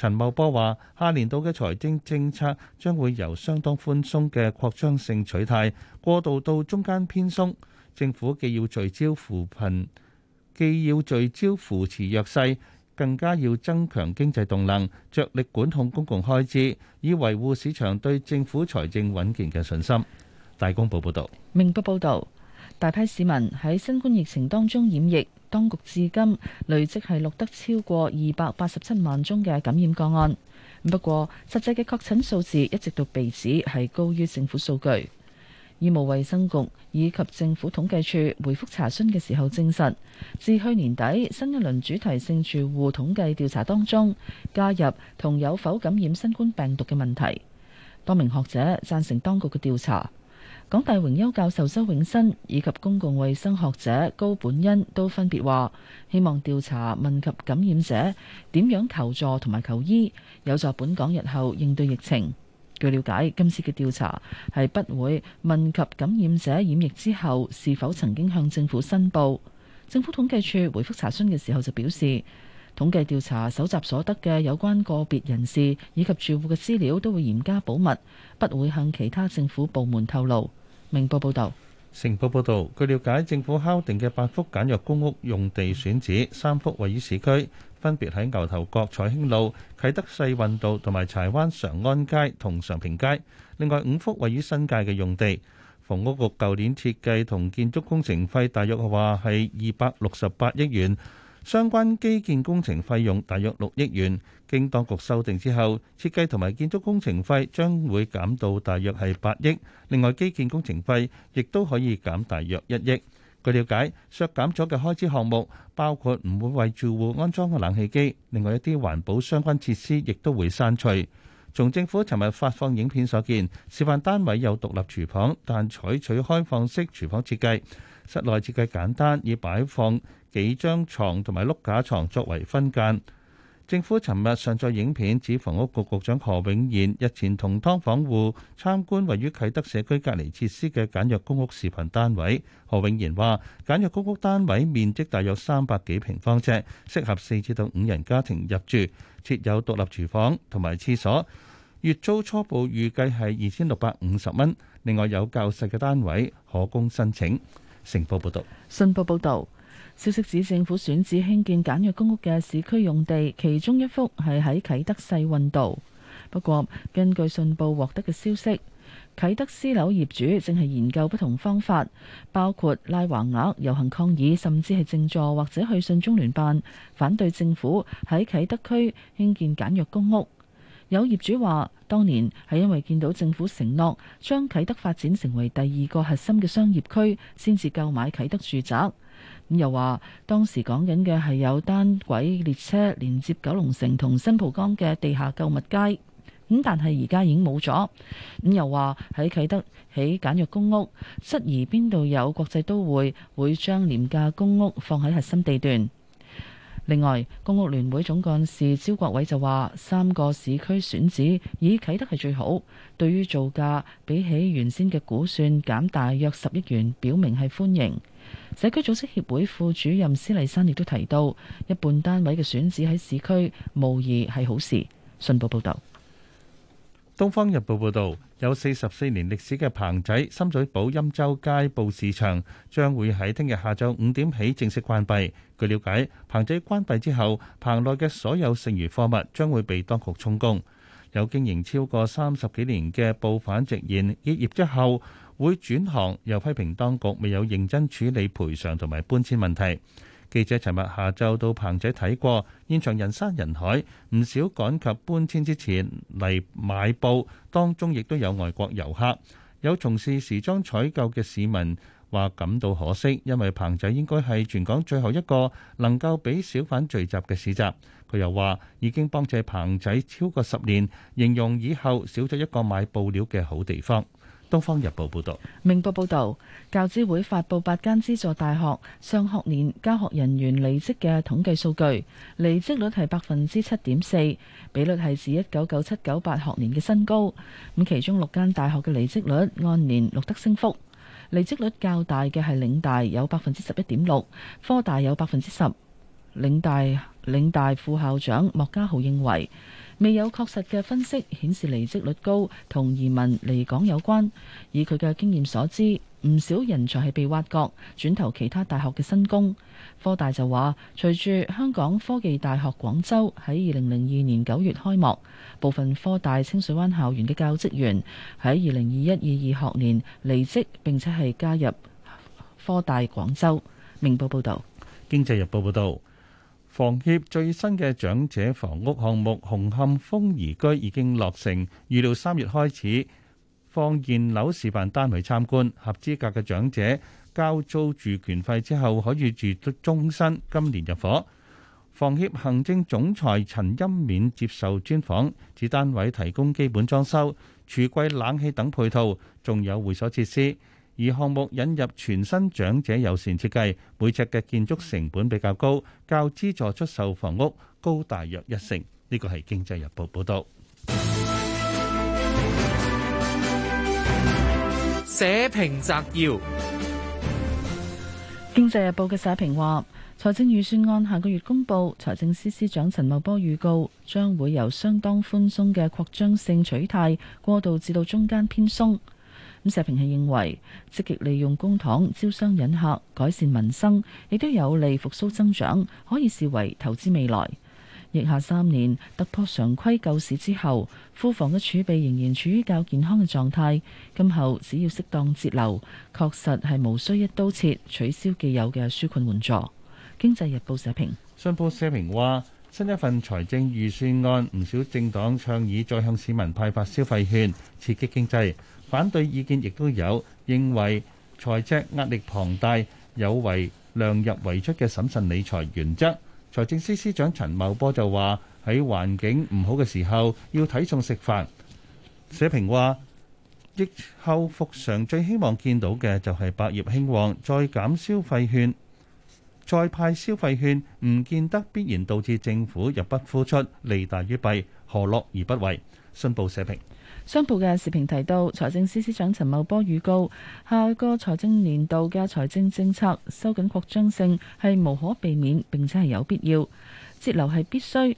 陳茂波話：下年度嘅財政政策將會由相當寬鬆嘅擴張性取態，過渡到中間偏鬆。政府既要聚焦扶貧，既要聚焦扶持弱勢，更加要增強經濟動能，着力管控公共開支，以維護市場對政府財政穩健嘅信心。大公報報道，明報報道，大批市民喺新冠疫情當中染疫。當局至今累積係錄得超過二百八十七萬宗嘅感染個案，不過實際嘅確診數字一直到被指係高於政府數據。醫務衛生局以及政府統計處回覆查詢嘅時候證實，自去年底新一輪主題性住戶統計調查當中加入同有否感染新冠病毒嘅問題。多名學者贊成當局嘅調查。港大榮休教授周永新以及公共衛生學者高本恩都分別話：希望調查問及感染者點樣求助同埋求醫，有助本港日後應對疫情。據了解，今次嘅調查係不會問及感染者染疫之後是否曾經向政府申報。政府統計處回覆查詢嘅時候就表示，統計調查搜集所得嘅有關個別人士以及住戶嘅資料都會嚴加保密，不會向其他政府部門透露。明報報導，成報報導，據了解，政府敲定嘅八幅簡約公屋用地選址，三幅位於市區，分別喺牛頭角彩興路、啟德世運道同埋柴灣常安街同常平街。另外五幅位於新界嘅用地，房屋局舊年設計同建築工程費大約話係二百六十八億元。相關基建工程費用大約六億元，經當局修訂之後，設計同埋建築工程費將會減到大約係八億。另外，基建工程費亦都可以減大約一億。據了解，削減咗嘅開支項目包括唔會為住戶安裝嘅冷氣機，另外一啲環保相關設施亦都會刪除。從政府尋日發放影片所見，示範單位有獨立廚房，但採取開放式廚房設計，室內設計簡單，以擺放幾張床同埋碌架床作為分間。政府尋日上載影片，指房屋局局長何永賢日前同劏房戶參觀位於啟德社區隔離設施嘅簡約公屋視頻單位。何永賢話：簡約公屋單位面積大約三百幾平方尺，適合四至到五人家庭入住，設有獨立廚房同埋廁所，月租初步預計係二千六百五十蚊。另外有較細嘅單位可供申請。成報報導，信報報道。消息指政府選址興建簡約公屋嘅市區用地，其中一幅係喺啟德世運道。不過，根據信報獲得嘅消息，啟德私樓業主正係研究不同方法，包括拉橫額、遊行抗議，甚至係靜坐或者去信中聯辦，反對政府喺啟德區興建簡約公屋。有業主話，當年係因為見到政府承諾將啟德發展成為第二個核心嘅商業區，先至購買啟德住宅。咁又話當時講緊嘅係有單軌列車連接九龍城同新蒲崗嘅地下購物街，咁但係而家已經冇咗。咁又話喺啟德起簡約公屋，質疑邊度有國際都會會將廉價公屋放喺核心地段。另外，公屋聯會總幹事招國偉就話三個市區選址以啟德係最好，對於造價比起原先嘅估算減大約十億元，表明係歡迎。社區組織協會副主任施麗珊亦都提到，一半單位嘅選址喺市區，無疑係好事。信報報道。東方日報報道，有四十四年歷史嘅棚仔深水埗欽州街布市場，將會喺聽日下晝五點起正式關閉。據了解，棚仔關閉之後，棚內嘅所有剩餘貨物將會被當局充公。有經營超過三十幾年嘅布販直言，結業之後，會轉行，又批評當局未有認真處理賠償同埋搬遷問題。記者尋日下晝到棚仔睇過，現場人山人海，唔少趕及搬遷之前嚟買布，當中亦都有外國遊客。有從事時裝採購嘅市民話感到可惜，因為棚仔應該係全港最後一個能夠俾小販聚集嘅市集。佢又話已經幫襯棚仔超過十年，形容以後少咗一個買布料嘅好地方。《東方日報》報道。《明報》報道，教資會發布八間資助大學上學年教學人員離職嘅統計數據，離職率係百分之七點四，比率係自一九九七九八學年嘅新高。咁其中六間大學嘅離職率按年錄得升幅，離職率較大嘅係嶺大，有百分之十一點六，科大有百分之十。嶺大，嶺大副校長莫家豪認為。未有確實嘅分析顯示離職率高同移民離港有關。以佢嘅經驗所知，唔少人才係被挖角，轉投其他大學嘅新工。科大就話，隨住香港科技大學廣州喺二零零二年九月開幕，部分科大清水灣校園嘅教職員喺二零二一、二二學年離職，並且係加入科大廣州。明報報導。經濟日報報導，房協最新嘅長者房屋項目紅磡豐宜居已經落成，預料三月開始放現樓示範單位參觀。合資格嘅長者交租住權費之後，可以住到終身。今年入伙，房協行政總裁陳欽勉接受專訪，指單位提供基本裝修、櫥櫃、冷氣等配套，仲有會所設施。而項目引入全新長者友善設計，每尺嘅建築成本比較高，較資助出售房屋高大約一成。呢個係經濟日報報導。社評摘要。經濟日報嘅社評話，財政預算案下個月公布，財政司司長陳茂波預告，將會由相當寬鬆嘅擴張性取態過渡至到中間偏鬆。咁社評係認為，積極利用公帑招商引客，改善民生，亦都有利復蘇增長，可以視為投資未來。疫下三年突破常規救市之後，庫房嘅儲備仍然處於較健康嘅狀態。今後只要適當節流，確實係無需一刀切取消既有嘅紓困援助。經濟日報社評。商報社評話，新一份財政預算案唔少政黨倡議再向市民派發消費券，刺激經濟。反對意見亦都有，認為財赤壓力龐大，有違量入為出嘅審慎理財原則。財政司司長陳茂波就話：喺環境唔好嘅時候，要睇餸食飯。社評話：疫後復常最希望見到嘅就係百業興旺，再減消費券，再派消費券，唔見得必然導致政府入不敷出，利大於弊，何樂而不為？信報社評。商報嘅視頻提到，財政司司長陳茂波預告，下個財政年度嘅財政政策收緊擴張性係無可避免，並且係有必要。節流係必須，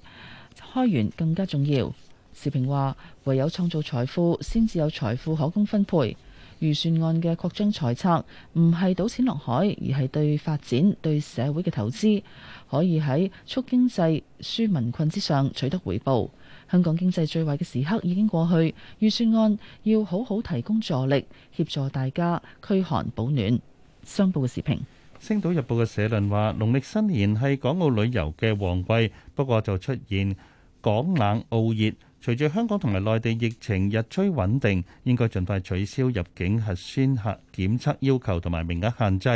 開源更加重要。視頻話，唯有創造財富，先至有財富可供分配。預算案嘅擴張財策唔係賭錢落海，而係對發展對社會嘅投資，可以喺促經濟、紓民困之上取得回報。香港經濟最壞嘅時刻已經過去，預算案要好好提供助力，協助大家驅寒保暖。商報嘅時評，《星島日報》嘅社論話：農曆新年係港澳旅遊嘅旺季，不過就出現港冷澳熱。隨住香港同埋內地疫情日趨穩定，應該盡快取消入境核酸核檢測要求同埋名額限制。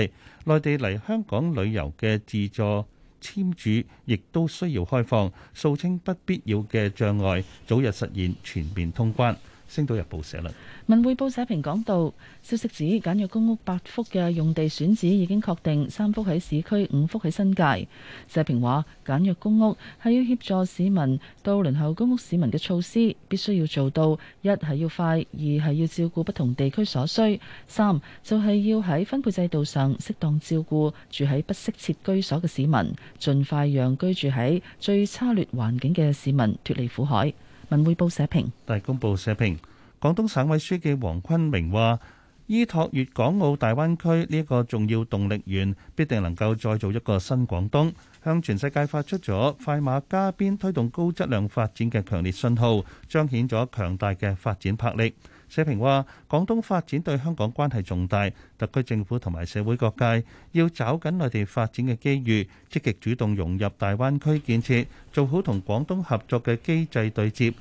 內地嚟香港旅遊嘅自助。簽署亦都需要開放，掃清不必要嘅障礙，早日實現全面通關。星島日報寫嘞。文匯報社評講到，消息指簡約公屋八幅嘅用地選址已經確定，三幅喺市區，五幅喺新界。社評話簡約公屋係要協助市民到輪候公屋市民嘅措施，必須要做到一係要快，二係要照顧不同地區所需，三就係要喺分配制度上適當照顧住喺不適切居所嘅市民，盡快讓居住喺最差劣環境嘅市民脫離苦海。文匯報社評。大公報社評，廣東省委書記黃坤明話，依託粵港澳大灣區呢一個重要動力源，必定能夠再造一個新廣東，向全世界發出咗快馬加鞭推動高質量發展嘅強烈信號，彰顯咗強大嘅發展魄力。社評話：廣東發展對香港關係重大，特區政府同埋社會各界要找緊內地發展嘅機遇，積極主動融入大灣區建設，做好同廣東合作嘅機制對接。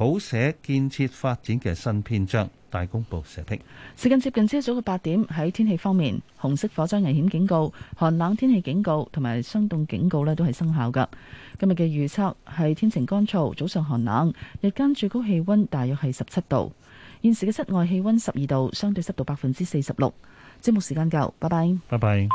譜寫建設發展嘅新篇章，大公報社評。時間接近朝早嘅八點。喺天氣方面，紅色火災危險警告，寒冷天氣警告同埋霜凍警告咧，都係生效噶今日嘅預測係天晴乾燥，早上寒冷，日間最高氣溫大約係十七度。現時嘅室外氣溫十二度，相對濕度百分之四十六。節目時間夠，拜拜。拜拜。